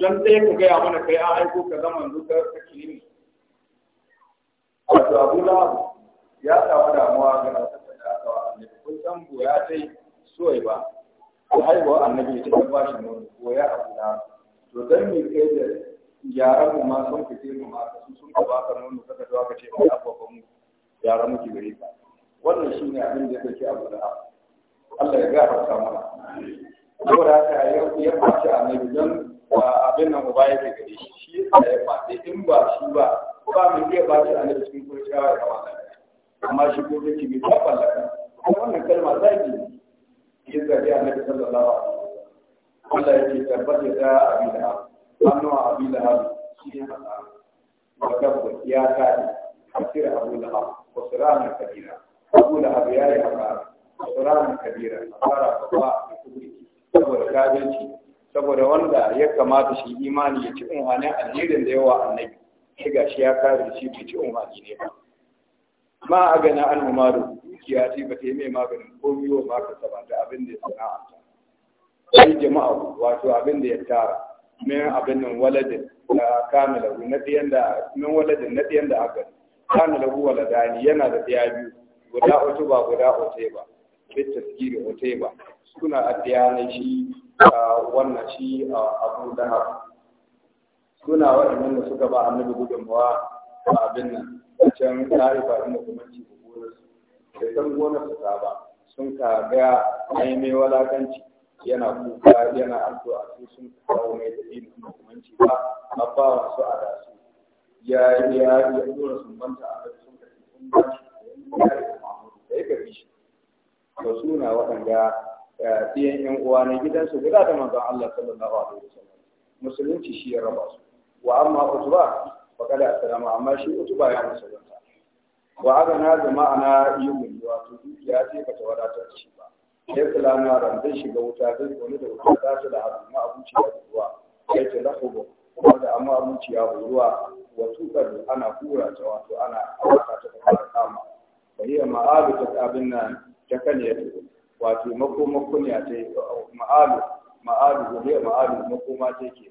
[SPEAKER 1] don sai ku gaya mana kai an aiko ka zama yanzu ka kake ne wato abu da ya samu damuwa ga nasarta da aka wa annabi kun san goya ta yi soyi ba ko haihuwa annabi ta yi bashi nono goya abu da to don me kai da yaran mu ma sun fice mu ma su sun ka baka nono kaka zuwa ka ce mu ya ba mu yaran mu ki gare ka wannan shine abin da ya yake abu da Allah ya gafarta mana saboda haka yau ya fashi annabi don Wa abin nan uba yake gare shi shi yasa ya faɗi in ba shi ba ba mu iya ba shi annabi cikin kurciyawa da kama amma shi ko take mai tabbar da kuma wannan kalma zaki ne ya zabi annabi sallallahu alaihi wasallam Allah ya ce tabbata da abin da annawa abin da shi ne haka wata ya kai kafir abu da wasu ranar kabira abu da abu ya yi haka wasu ranar kabira a fara babba da kubri saboda kabenci saboda wanda ya kamata shi imani ya ci unhanin alherin da yawa annabi shi ga shi ya kare shi bai ci unhani ne ba ma a gana an umaru dukiya ce ba ta yi mai maganin komi wa ma ka saba da abin da ya sana'a sai jama'a wato abin da ya tara min abin nan waladin da kamila na ɗiyan da min waladin na ɗiyan da aka kamila hu waladani yana da ɗiya biyu guda ba guda ba bitta sikiri ba, suna a ɗiyanai shi wannan shi abu dahab suna waɗannan da suka ba annabi gudunmawa a abin nan a can ta'ifa inda mahimmanci da gonarsu da san gonarsu su ba sun ka ga walakanci yana kuka yana addu'a su sun kawo mai dalilin muhimmanci ba ba wasu a da su ya ya ya dora sun banta a kan sun kace sun ba shi ya yi da yi shi to suna waɗanda ɗiyan yan uwa na gidansu guda da manzon Allah sallallahu alaihi wasallam musulunci shi ya raba su wa amma utuba fa kada assalamu amma shi utuba ya musulunta wa aga na da ma'ana yumin wato dukiya ce ba ta wadatar shi ba sai salama ran zai shiga wuta zai wani da wuta za ta da abu ma abinci ya ruwa sai ta lahubu kuma da amma abinci ya ruwa wa tukar ana kura ta wato ana aka ta fara kama fa hiya ma'abu ta abin nan ta kan ya tuku wato makoma a ta yi ma'alu ma'alu gobe ma'alu makoma ta yake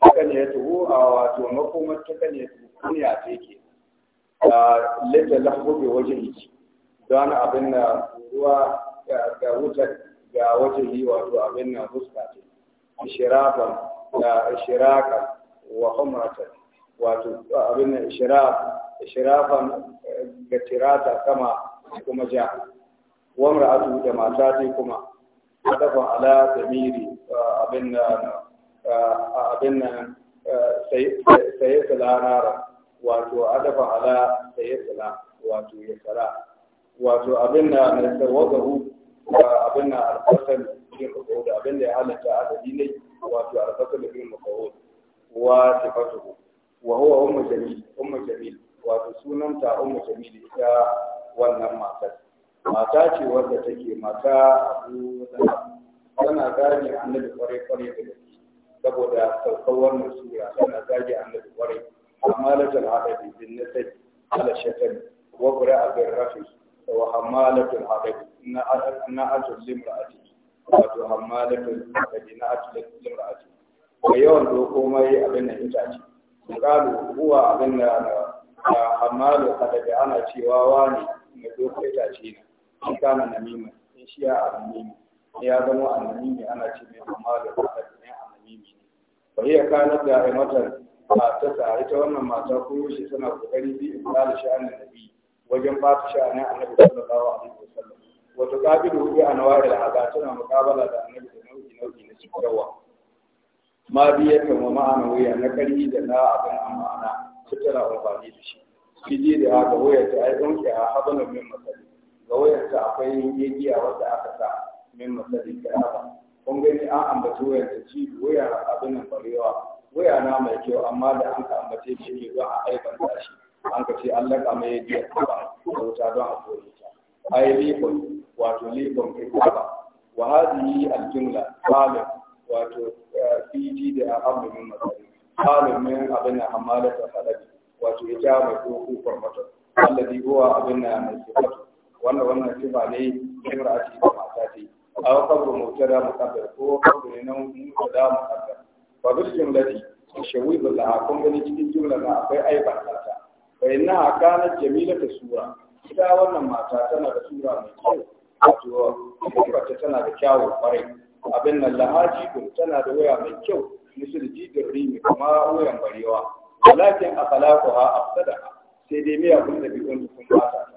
[SPEAKER 1] haka ne ya tuhu a wato makoma ta kan ya tuhu kunya ta ke a lalata lahobe wajen yi don abin na ruwa ga wutar ga wajen yi wato abin na fuska ce shirafan da shiraka wa humratan wato abin na shirafan ga tirata kama kuma ja وامرأته جماعاته كما هدف على تمير آه، أبن آه، آه، أبن سيد سيد نارا واتو هدف على سيد لا واتو يسرا واتو أبن نسوده أبن أرقصن في القبود أبن لحالة هذا ديني واتو أرقصن في المقعود وصفته وهو أم جميل أم جميل واتو سونمتا أم جميل يا ونمى mata ce wadda take mata abu tana gane annabi kwarai kwarai da gaske saboda saukar wannan sura tana zage annabi kwarai amma la jalhadabi bin nasai ala shatan wa qira'a bir rafi wa hamalatul hadabi na na atul limraati wato hamalatul hadabi na atul limraati wa yawan doko komai abin nan ita ce kalu huwa abin da ah, hamalu hadabi ana cewa wani mai doko ita ce ne in kana namima in shi ya annimi ya zama annimi ana ce mai amma da fadar ne a annimi ne fa hiya kana da aimatar ta tsare ta wannan mata ko shi tana kokari bi in da sha'anin nabi wajen ba ta sha'anin annabi sallallahu alaihi wasallam wato qabilu bi anwar al-hada tana muqabala da annabi da nau'i nau'i na cikawa ma biya ta ma ma'ana wuya na kari da na abin amma ana tattara amfani da shi shi da haka wuya ta ai don ki a habalan min masali ga wayarsa akwai igiya wadda aka sa min masalin kiraba kun gani an ambaci wayarsa ci waya abin barewa waya na mai kyau amma da an ka ambace shi ne don a da shi an ka ce an laka mai igiya kuma da wuta don a kore ta ai lifin wato lifin kwaba wa hadhihi al-jumla qalu wato eh, fiji da abu min masarin qalu min abin da salabi wato ya ja mai ko kofar mata alladhi huwa abin na mai sifatu wannan wannan sifa ne kibra ake ba mata ce aw qabru mubtada muqaddar ko qabru ne nan mubtada muqaddar fa bil jumlati tashawibul laha kun gani cikin jumla na akwai aiban ta fa inna Jamila ta sura ita wannan mata tana da sura mai kyau wato kufarta tana da kyawun kwarai abin nan lahajibun tana da waya mai kyau misali jibin rimi kuma wayan barewa walakin a talakuwa a sadaka sai dai miya kun da kun ba bata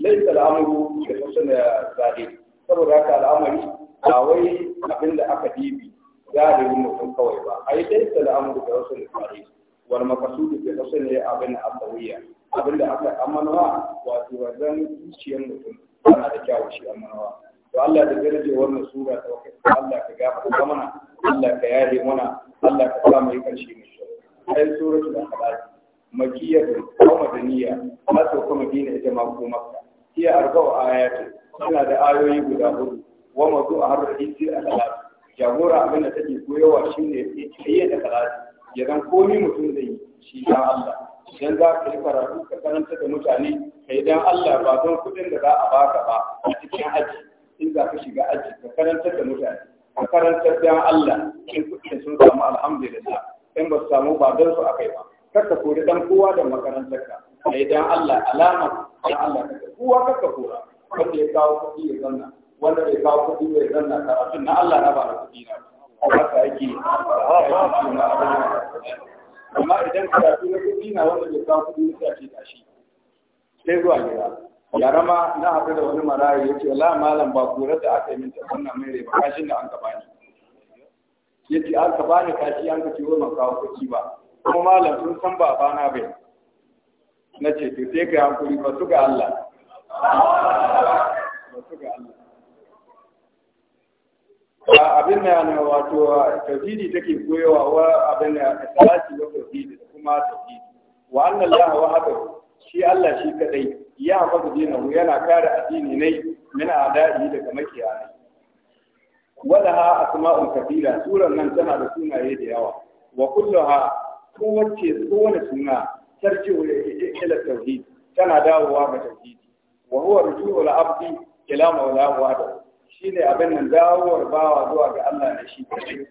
[SPEAKER 1] laisa al'amuru da da zaɓe saboda haka al'amari ba wai abin da aka dibi zaɓin mutum kawai ba ai laisa al'amuru da da zaɓe wani makasudu da kusan ne abin da aka wuya abin da aka amanawa wato wajen zuciyar mutum ana da kyawun shi amanawa to Allah da daraje wannan sura ta wakai Allah ka gafarta mana Allah ka yare mana Allah ka sa mu yi karshe mai kyau ai suratul al-hadid makiyatun aw madaniyya ma to kuma dina ita ma ko makka iya arba'u ayati suna da ayoyi guda hudu wa mawdu a hadisi a salat jagora abin da take koyowa shine tsaye da salati ya zan komi mutum zai yi shi dan Allah idan za ka yi karatu ka karanta da mutane kai dan Allah ba don kuɗin da za a baka ba a cikin aji in za ka shiga aji ka karanta da mutane ka karanta dan Allah in kuɗin sun samu alhamdulillah in ba su samu ba don su akai ba kaka kori dan kowa da makarantarka a dan Allah alama dan Allah kaka kowa kaka kora wanda ya kawo kuɗi ya zanna wanda ya kawo kuɗi ya zanna karatun na Allah na ba da kuɗi na haka yake
[SPEAKER 2] amma idan karatu
[SPEAKER 1] na kuɗi na wanda ya kawo kuɗi ya a ce tashi sai zuwa gida yara ma na haɗu da wani marayi ya ce la malam ba kura da aka yi minta wannan mai rai ba kashin da an gaba bani ya ce an ka bani kashi an ka ce kawo kuɗi ba ko malam sun san babana bai na ce to sai ka hankuri ba su ga Allah ba su ga Allah abin da yana wato tafidi take koyowa wa abin da salati wa da kuma tafidi. wa anna wa wahdahu shi Allah shi kadai ya hafaza dinahu yana kare addini ne min ada'i daga makiyaya wadaha asma'ul kabira suran nan tana da sunaye da yawa wa kulluha kowace kowane suna tarjihu ila tauhid tana dawowa ga tauhidi wa huwa rujul abdi ila mawlahu wa shine abin nan dawowar bawa zuwa ga Allah da shi kadai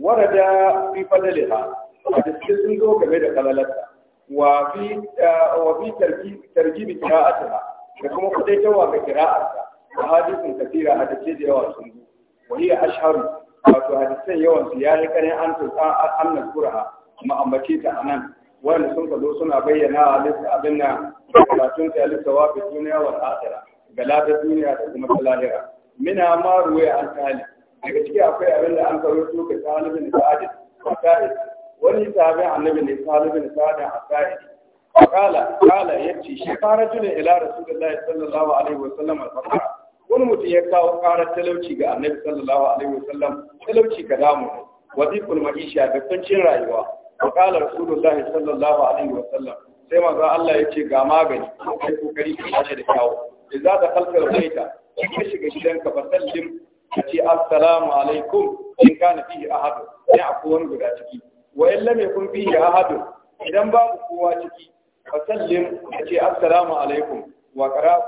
[SPEAKER 1] warada fi fadliha a cikin sun zo game da kalalarta wa fi eh, wa fi tarjibi qira'atiha da kuma kudaitawa ga qira'arta da hadisin kafira a dace da yawa sun zo wa hiya ashharu wato hadisan yawan su yi karin an tuka an nasuraha mu ambace ta nan wanda sun kazo suna bayyana a lissa abin na karatun ta lissa wa fi duniya wa akhirah ga lafi duniya da kuma ta lahira mina ma ruwaya an tali daga ciki akwai abin da an karo su ga talibin a sa'id wani sahabi annabi ne talibin a sa'id kala kala ce shi fara jule ila rasulullahi sallallahu alaihi wasallam al-fatah wani mutum ya kawo kara talauci ga annabi sallallahu alaihi wasallam talauci ga damu wadiful ma'isha da kuncin rayuwa faƙalar rasulullahi sallallahu alaihi wa sallam sai manzo Allah ya ce ga magani kai kokari ka tashi da kyawu idza da kalkar baita in ka shiga gidanka fa sallim ka assalamu alaikum in kana fihi ahad ya akwai wani guda ciki wa in lam yakun fihi ahad idan babu kowa ciki fa sallim ka assalamu alaikum wa qara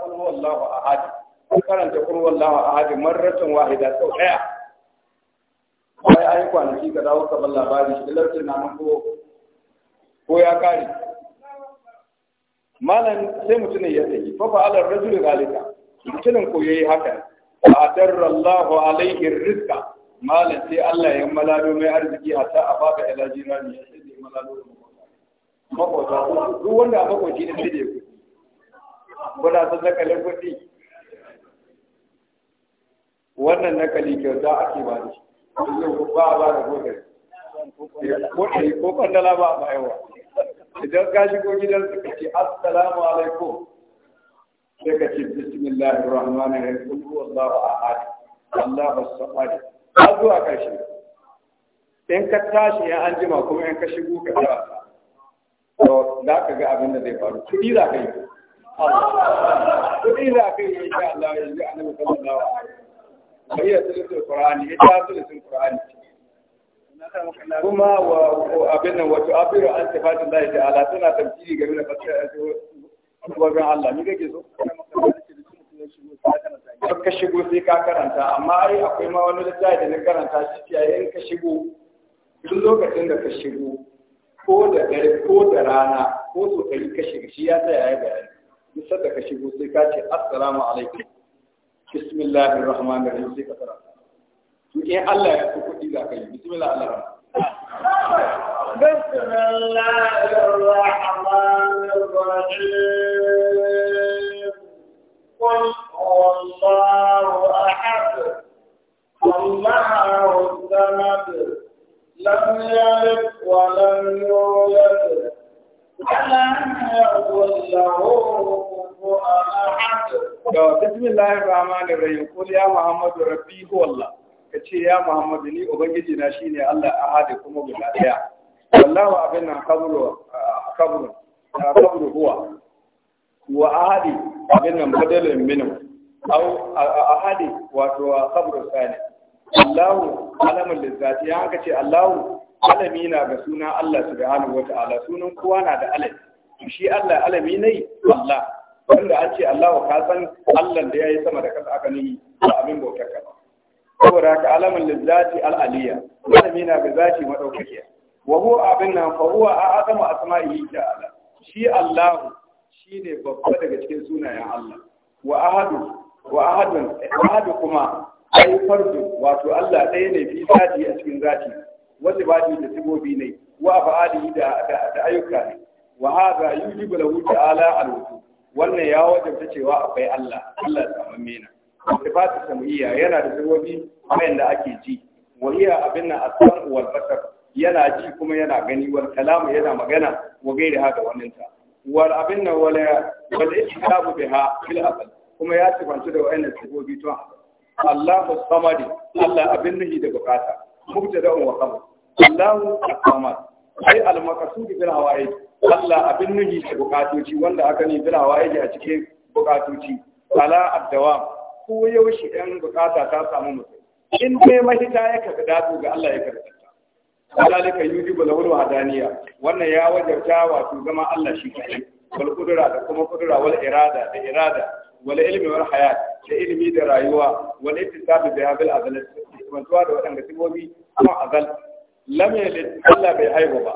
[SPEAKER 1] karanta qul huwallahu ahad wahida sau a ai kwanaki ka dawo ka bar labari shi larcin na nan ko ya kare malam sai mutum ya tsaye fa fa'alar rajul zalika mutumin ko yayi haka fa allahu alaihi rizqa malam sai Allah ya malalo mai arziki hatta a baba ila jirani sai ya malalo makwata duk wanda a makwaci ne sai da ya kuɗi kuna san nakalin kuɗi wannan nakali kyauta ake ba da shi ba ba da gogar ko ɗari ko kwandala ba ba yawa idan ka shigo gidan su ka ce assalamu alaikum sai ka ce bismillahir rahmanir rahim kul huwallahu ahad allahu samad har zuwa karshe in ka tashi ya anjima kuma in ka shigo ka tsara to za ka ga abin da zai faru kuɗi za ka yi kuɗi za ka yi insha Allah yanzu annabi sallallahu alaihi wasallam وهي ثلث القرآن إذا ثلث القرآن kuma wa abin nan wato abiru an sifatin Allah ala tana tamthili game da fasara wajen Allah ni kake so ka shigo sai ka karanta amma ai akwai ma wani littafi da na karanta shi ya in ka shigo duk lokacin da ka shigo ko da dare ko da rana ko so ka shiga shi ya tsaya ya bayani duk da ka shigo sai ka ce assalamu alaikum بسم الله الرحمن الرحيم سي الله كوكو ديغا بسم الله الرحمن
[SPEAKER 3] بسم الله الرحمن الرحيم قل الله احد الله الصمد لم يلد ولم يولد ولم يكن له da
[SPEAKER 1] bismillahir rahmanir rahim qul ya muhammadu rabbi huwa allah kace ya muhammadu ni ubangiji na shine allah ahad kuma guda daya wallahu abin nan kabru ah, kabru ah, kabru huwa wa ahadi abin nan badalin minhu aw ahadi wato kabru sani Allahu alamun lizzati ya aka ce Allahu alami na ga suna Allah subhanahu wa ta'ala sunan kowa na da alami shi Allah alami ne Allah wanda an ce Allah ka san Allah da ya yi sama da kasa aka nuni ba abin bautar ka ba saboda ka alamun lizzati al malami na ga zati madaukakiya wa huwa abin nan fa huwa a'zamu asma'ihi ta'ala shi Allah shine babba daga cikin sunayen Allah wa ahadu wa ahadun ahadu kuma ai fardu wato Allah ɗaya ne fi zati a cikin zati wasu bati da sibobi ne wa fa'alihi da da ayyuka ne wa hadha yujibu lahu ta'ala al-wujud wannan ya wajabta cewa akwai Allah Allah samamme na sifatu sam'iyya yana da sifofi wanda ake ji wa abin na as-sam'u wal basar yana ji kuma yana gani wal kalamu yana magana wa gairi haka wannan ta wal abinna wal wal ihsabu biha fil abad kuma ya sifantu da wayannan sifofi to Allahu samadi Allah abin nahi da bukata mubtada'un wa khabar Allahu as-samad ai almakasudu bil hawaye Allah abin nuhi da bukatoci wanda aka ne bil hawaye a cikin bukatoci ala addawa ko yaushe ɗan bukata ta samu mutum in dai mahita ya karɓi dato ga Allah ya karɓi zalika yujibu lahu hadaniya wannan ya wajabta wato zama Allah shi kai wal qudra da kuma qudra wal irada da irada wal ilmi wal hayat da ilmi da rayuwa wal ittisab bi hadhihi al azal kuma da wadanda sibobi kuma azal lam yalid Allah bai haihu ba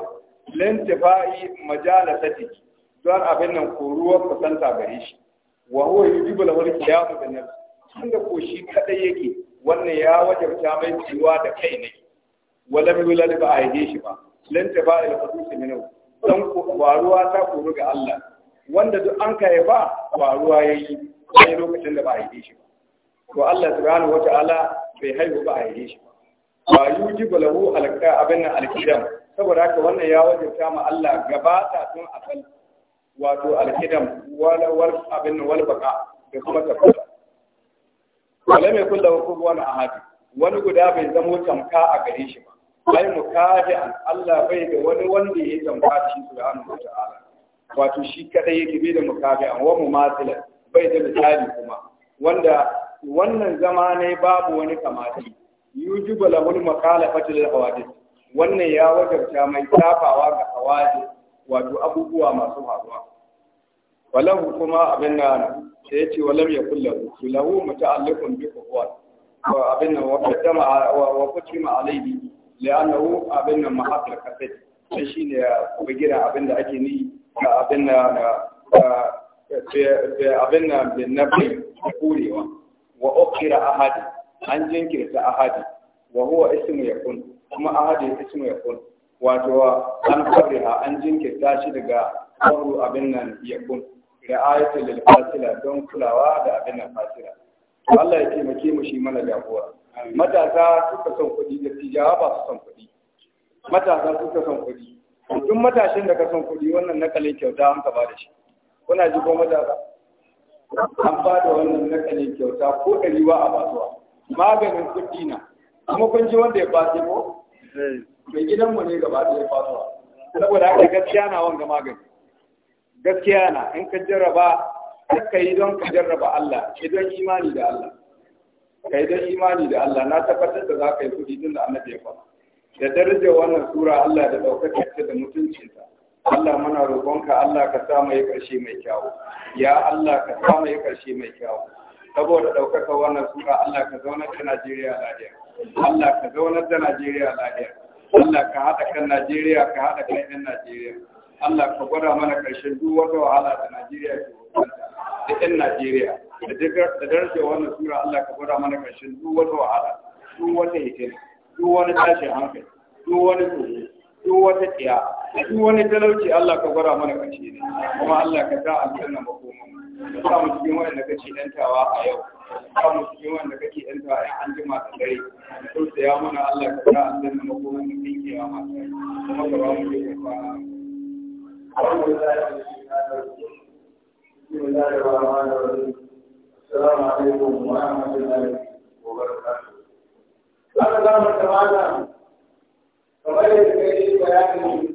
[SPEAKER 1] lintifa'i majalasati don abin nan koruwar kusanta gare shi wa huwa yujibu lahu al-qiyam bi nafsi tunda ko shi kadai yake wannan ya wajabta mai ciwa da kai ne wala bi wala ba a yi shi ba lintifa'i al-qudus minhu dan ko waruwa ta koru ga Allah wanda duk an kai ba waruwa yayi sai lokacin da ba a yi shi ba to Allah subhanahu wata'ala bai haihu ba a yi shi ba ba yuji lahu alka abin nan alkidam saboda haka wannan ya wajabta ma Allah gabata tun asal wato alkidam wala wal abin wal baka da kuma tabbata wala mai kullu hukumu a ahadi wani guda bai zamo tamka a gare shi ba Bai ai an Allah bai da wani wanda ya tamka shi subhanahu wa ta'ala wato shi kadai yake bai da an wa mumathilan bai da misali kuma wanda wannan zama ne babu wani kamati yujibu lahul mukhalafatu lil hawadith wannan ya wajabta mai tafawa ga hawadith wato abubuwa masu faruwa walahu kuma abin na sai ya yace walam yakul lahu lahu muta'alliqun bi qawal wa abin nan wa qaddama wa qaddama alayhi li'annahu abin nan mahaqqal kasai sai shine bugira abin da ake ni ga abin nan da abin nan da nabi kurewa wa ukhira ahadi an jinkirta ahadi wa huwa ismu yakun kuma ahadi ismu yakun wato an fariha an jinkirta shi daga faru abin nan yakun ra'ayatul lil fasila don kulawa da abin nan fasila Allah ya taimake mu shi mana jagora matasa suka son kuɗi da tijawa ba su son kuɗi matasa suka son kuɗi duk matashin da ka son kuɗi wannan nakalin kyauta an ka ba da shi kuna ji ko matasa an ba da wannan nakalin kyauta ko ɗari ba a basuwa maganin kuɗi na kuma kun ji wanda ya fashe ko eh. mai gidanmu ne gaba da ya fasuwa saboda haka gaskiya na wanga magani gaskiya na in ka jarraba ka yi don ka jarraba Allah idan don imani da Allah ka yi don imani da Allah na tabbatar da za ka yi kuɗi tun da annabi ya faɗa da darajar wannan sura Allah da ɗaukakar ta da mutuncinta Allah muna roƙonka Allah ka sa mai ƙarshe mai kyawu ya Allah ka sa mai ƙarshe mai kyawu saboda ɗaukaka wannan sura Allah ka zaunar da Najeriya lafiya Allah ka zaunar da Najeriya lafiya Allah ka haɗa kan Najeriya ka haɗa kan 'yan Najeriya Allah ka gwada mana ƙarshen duk wata wahala da Najeriya ke fuskanta da 'yan Najeriya da darajar wannan sura Allah ka gwada mana ƙarshen duk wata wahala duk wata hikima duk wani tashin hankali duk wani tsoro duk wata ƙiya. duk wani talauci Allah ka gwara mana kashi ne kuma Allah ka sa aljanna makoma. ka sa mu cikin wanda ɗan tawa a yau ka sa mu cikin wanda kake dantawa ai an jima da dare to sai ya mana Allah ka sa aljanna makoma mu cikin kiyama kuma ka ba mu cikin kwana بسم الله الرحمن الرحيم السلام عليكم ورحمة الله
[SPEAKER 3] da shi قام ya فبدأت كيف بياني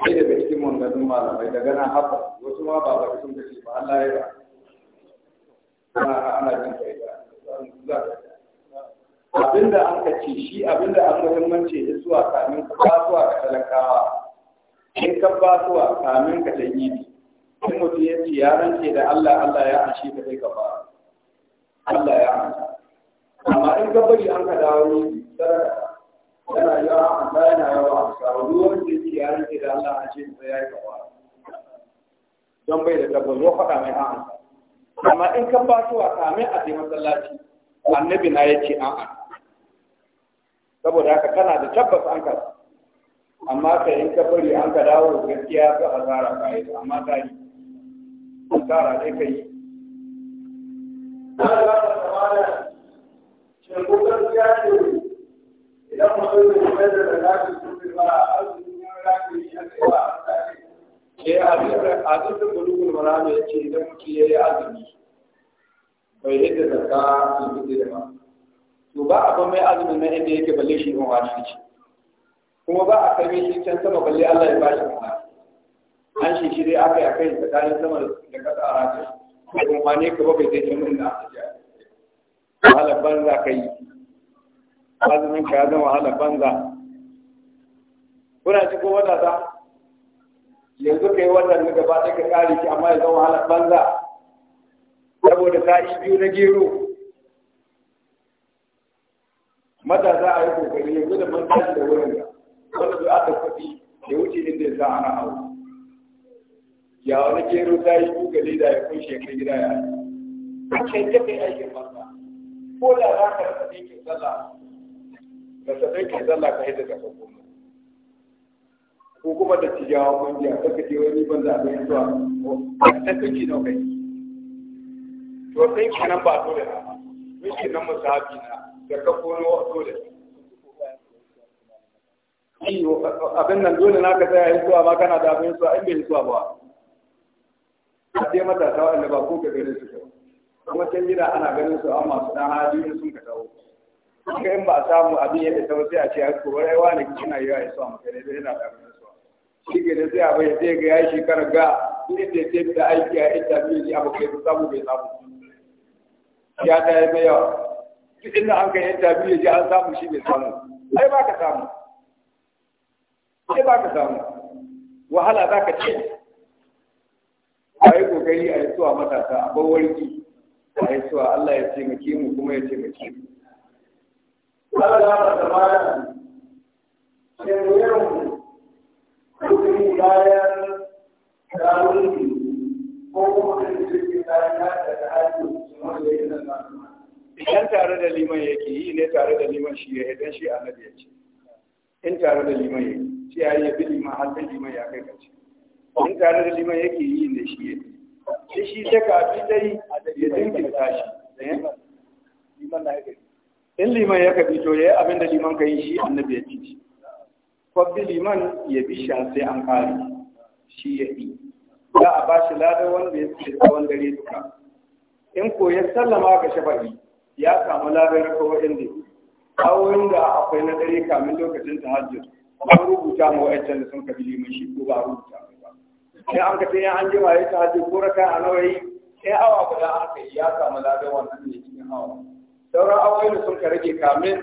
[SPEAKER 1] sai daga cikin mangazin malamai daga nan haka wasu ma ba baki sun kace ba Allah ya ba ana ana jin kai ba abinda an kace shi abinda an muhimmanci da zuwa kamin ka zuwa ka talakawa in ka ba zuwa kamin ka da yi in mutum ya ce yaran ce da Allah Allah ya ashe ka sai ka ba Allah ya anshe amma in ka bari an ka dawo ni
[SPEAKER 2] sadaka yana yawa an yana yawa a sabu
[SPEAKER 1] wanda ciki ya da Allah a ce ya yi kafa don bai da tabbas zo faɗa mai an amma in ka ba tuwa kamin a je masallaci annabi na ya ce an saboda haka kana da tabbas an ka amma ka in ka bari an ka dawo gaskiya ka asara ka yi amma ta yi asara dai ka yi
[SPEAKER 3] Allah ya kamata shi ko gaskiya ne idan mutum ya da lafiya ba
[SPEAKER 1] ke abin da bulugul marami ya ce idan mutum ya yi azumi bai yadda zaka sun fi da ba to ba a mai azumin na inda yake balle shi in wani ce kuma ba a kai shi can sama balle Allah ya bashi kuma an shi shi dai aka yi akai tsakanin sama da kasa a rafin kuma wane ka ba bai zai can inda aka ja wahalar banza ka yi azumin ka ya zama wahalar banza kuna ci ko matasa yanzu ka yi wannan daga gaba ta ka ƙare ki amma ya zama wahalar banza saboda yi biyu na gero matasa a yi kokari yanzu da man tashi da wurin da wanda bai aka kuɗi ya wuce inda ya sa ana hau ya wani gero ta yi biyu ga leda ya kunshe kai gida ya yi a kai ta kai aikin banza ko da za ka rasa ɗinkin sallah ka sa ɗinkin sallah ka yi ka sa ko kuma da tijawa kungiya ta je wani ban za a bayan zuwa ta kake na kai to sai nan ba dole na mun kenan musabi na da ka kono a dole abin nan dole na ka tsaya yin zuwa ma kana da abin zuwa in bai zuwa ba a dai ta wanda ba ko ka gare su kyau kuma can gida ana ganin su amma su. dan hali sun ka dawo kai in ba a samu abin yadda ta wasu a ce a kowa rayuwa ne kina yi wa yi so a makarai da yana da shige da sai abai sai ga ya shekara ga da sai da aiki a ita biyu ji abu ke samu bai samu ya ta yi mai yawa duk inda an kai ita biyu ji an samu shi bai samu ai ba ka samu ai ba ka samu wahala za ka ce a yi kokari a yi suwa matasa a bar warki a yi suwa Allah ya ce taimake mu kuma ya taimake mu.
[SPEAKER 3] Allah ya ba ta bayan. Sai mu Kudin bayan rawuni ko kuma
[SPEAKER 1] kan jirgin bayan da ta hajji wanda Idan tare da liman yake yi ne tare da liman shi ya idan shi annabi ya ce. In tare da liman yake shi ya yi bi liman har da liman ya kai kace. In tare da liman yake yi ne shi ya yi. Shi shi ta kafi dai ya jinkirta shi. Eh? In liman ya kafi to ya yi abin da liman ka yi shi annabi ya ce. kwafi liman ya bi sha sai an kare shi ya yi za a ba shi ladar wanda ya fi tsawon dare duka in ko ya sallama ga shafa'i ya samu ladar wajen inda awoyin da akwai na dare kamin lokacin Hajji. ba rubuta ma wa'ancan da sun kabili liman shi ko ba rubuta mai ba sai an kace ya an jima ya tahajjud ko raka a nawayi sai awa guda aka yi ya samu ladar wannan ne cikin awa sauran awoyin da sun ka rage kamin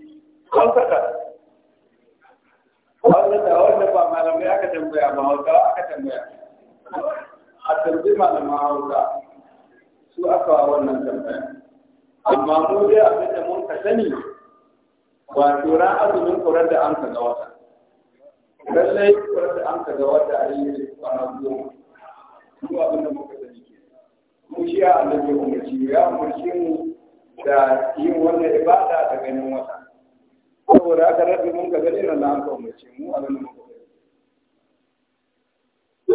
[SPEAKER 1] an faɗa wannan wanda ba malamai aka tambaya ba hausa aka tambaya a tambayi malaman hausa su aka wa wannan tambaya amma mu dai abin da mun ka sani wato ran azumin kurar da an ka ga wata lallai kurar da an ka ga wata a yi kwana goma su abin da mun ka sani ke mu shi ya annabi umarci ya umarci mu da yin wannan ibada da ganin wata saboda aka rabi mun ka gani nan an kawo mace mu a nan mun ka gani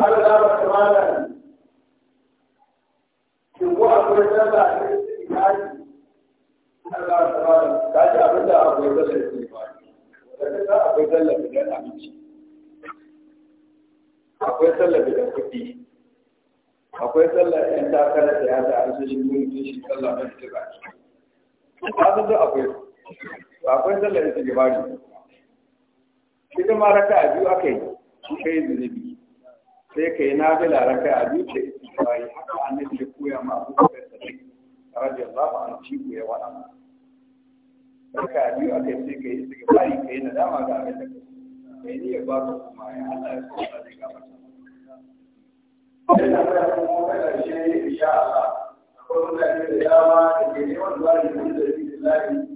[SPEAKER 1] har
[SPEAKER 3] ba ta mala ki ko akwai tsalla
[SPEAKER 1] ne ya yi Allah ta mala ka ji abin da akwai tsalla ne ba da ka akwai tsalla ne abinci akwai tsalla ne kuɗi akwai tsalla ɗan takarar da ya ta an shi mun shi tsalla ne ta baki ba da akwai to akwai sallar istighfari ita ma raka'a biyu aka yi yi zunubi sai kai nafila raka'a biyu da istighfari haka annabi ya koya ma Abu Bakar Siddiq radiyallahu anhu shi ya wada raka'a biyu aka yi sai kai istighfari kai nadama ga abin da kai ne ya ba ka kuma ya Allah ya so
[SPEAKER 3] ka zai gabata Ina da kuma ya Allah akwai mutane da yawa da ke neman zuwa da da zai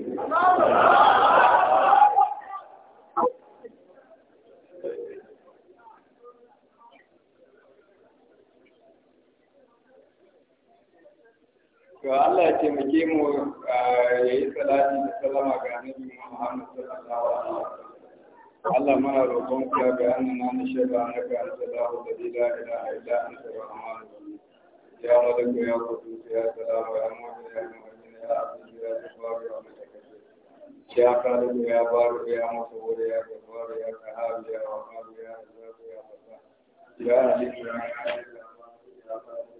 [SPEAKER 1] to Allah ya taimake mu ya yi salati da salama ga annabi Muhammad sallallahu alaihi wasallam Allah muna roƙon ka ga annana na shaida annaka sallahu da la ilaha illa anta rahman ya malaka ya qudus ya salam ya mu'min ya mu'min ya aziz ya jabbar ya
[SPEAKER 2] ya kalibu ya baro ya masu
[SPEAKER 1] wuri ya gabaru ya tahabu ya wakabu ya zafi ya fasa ya alifu ya kalibu ya baro ya kalibu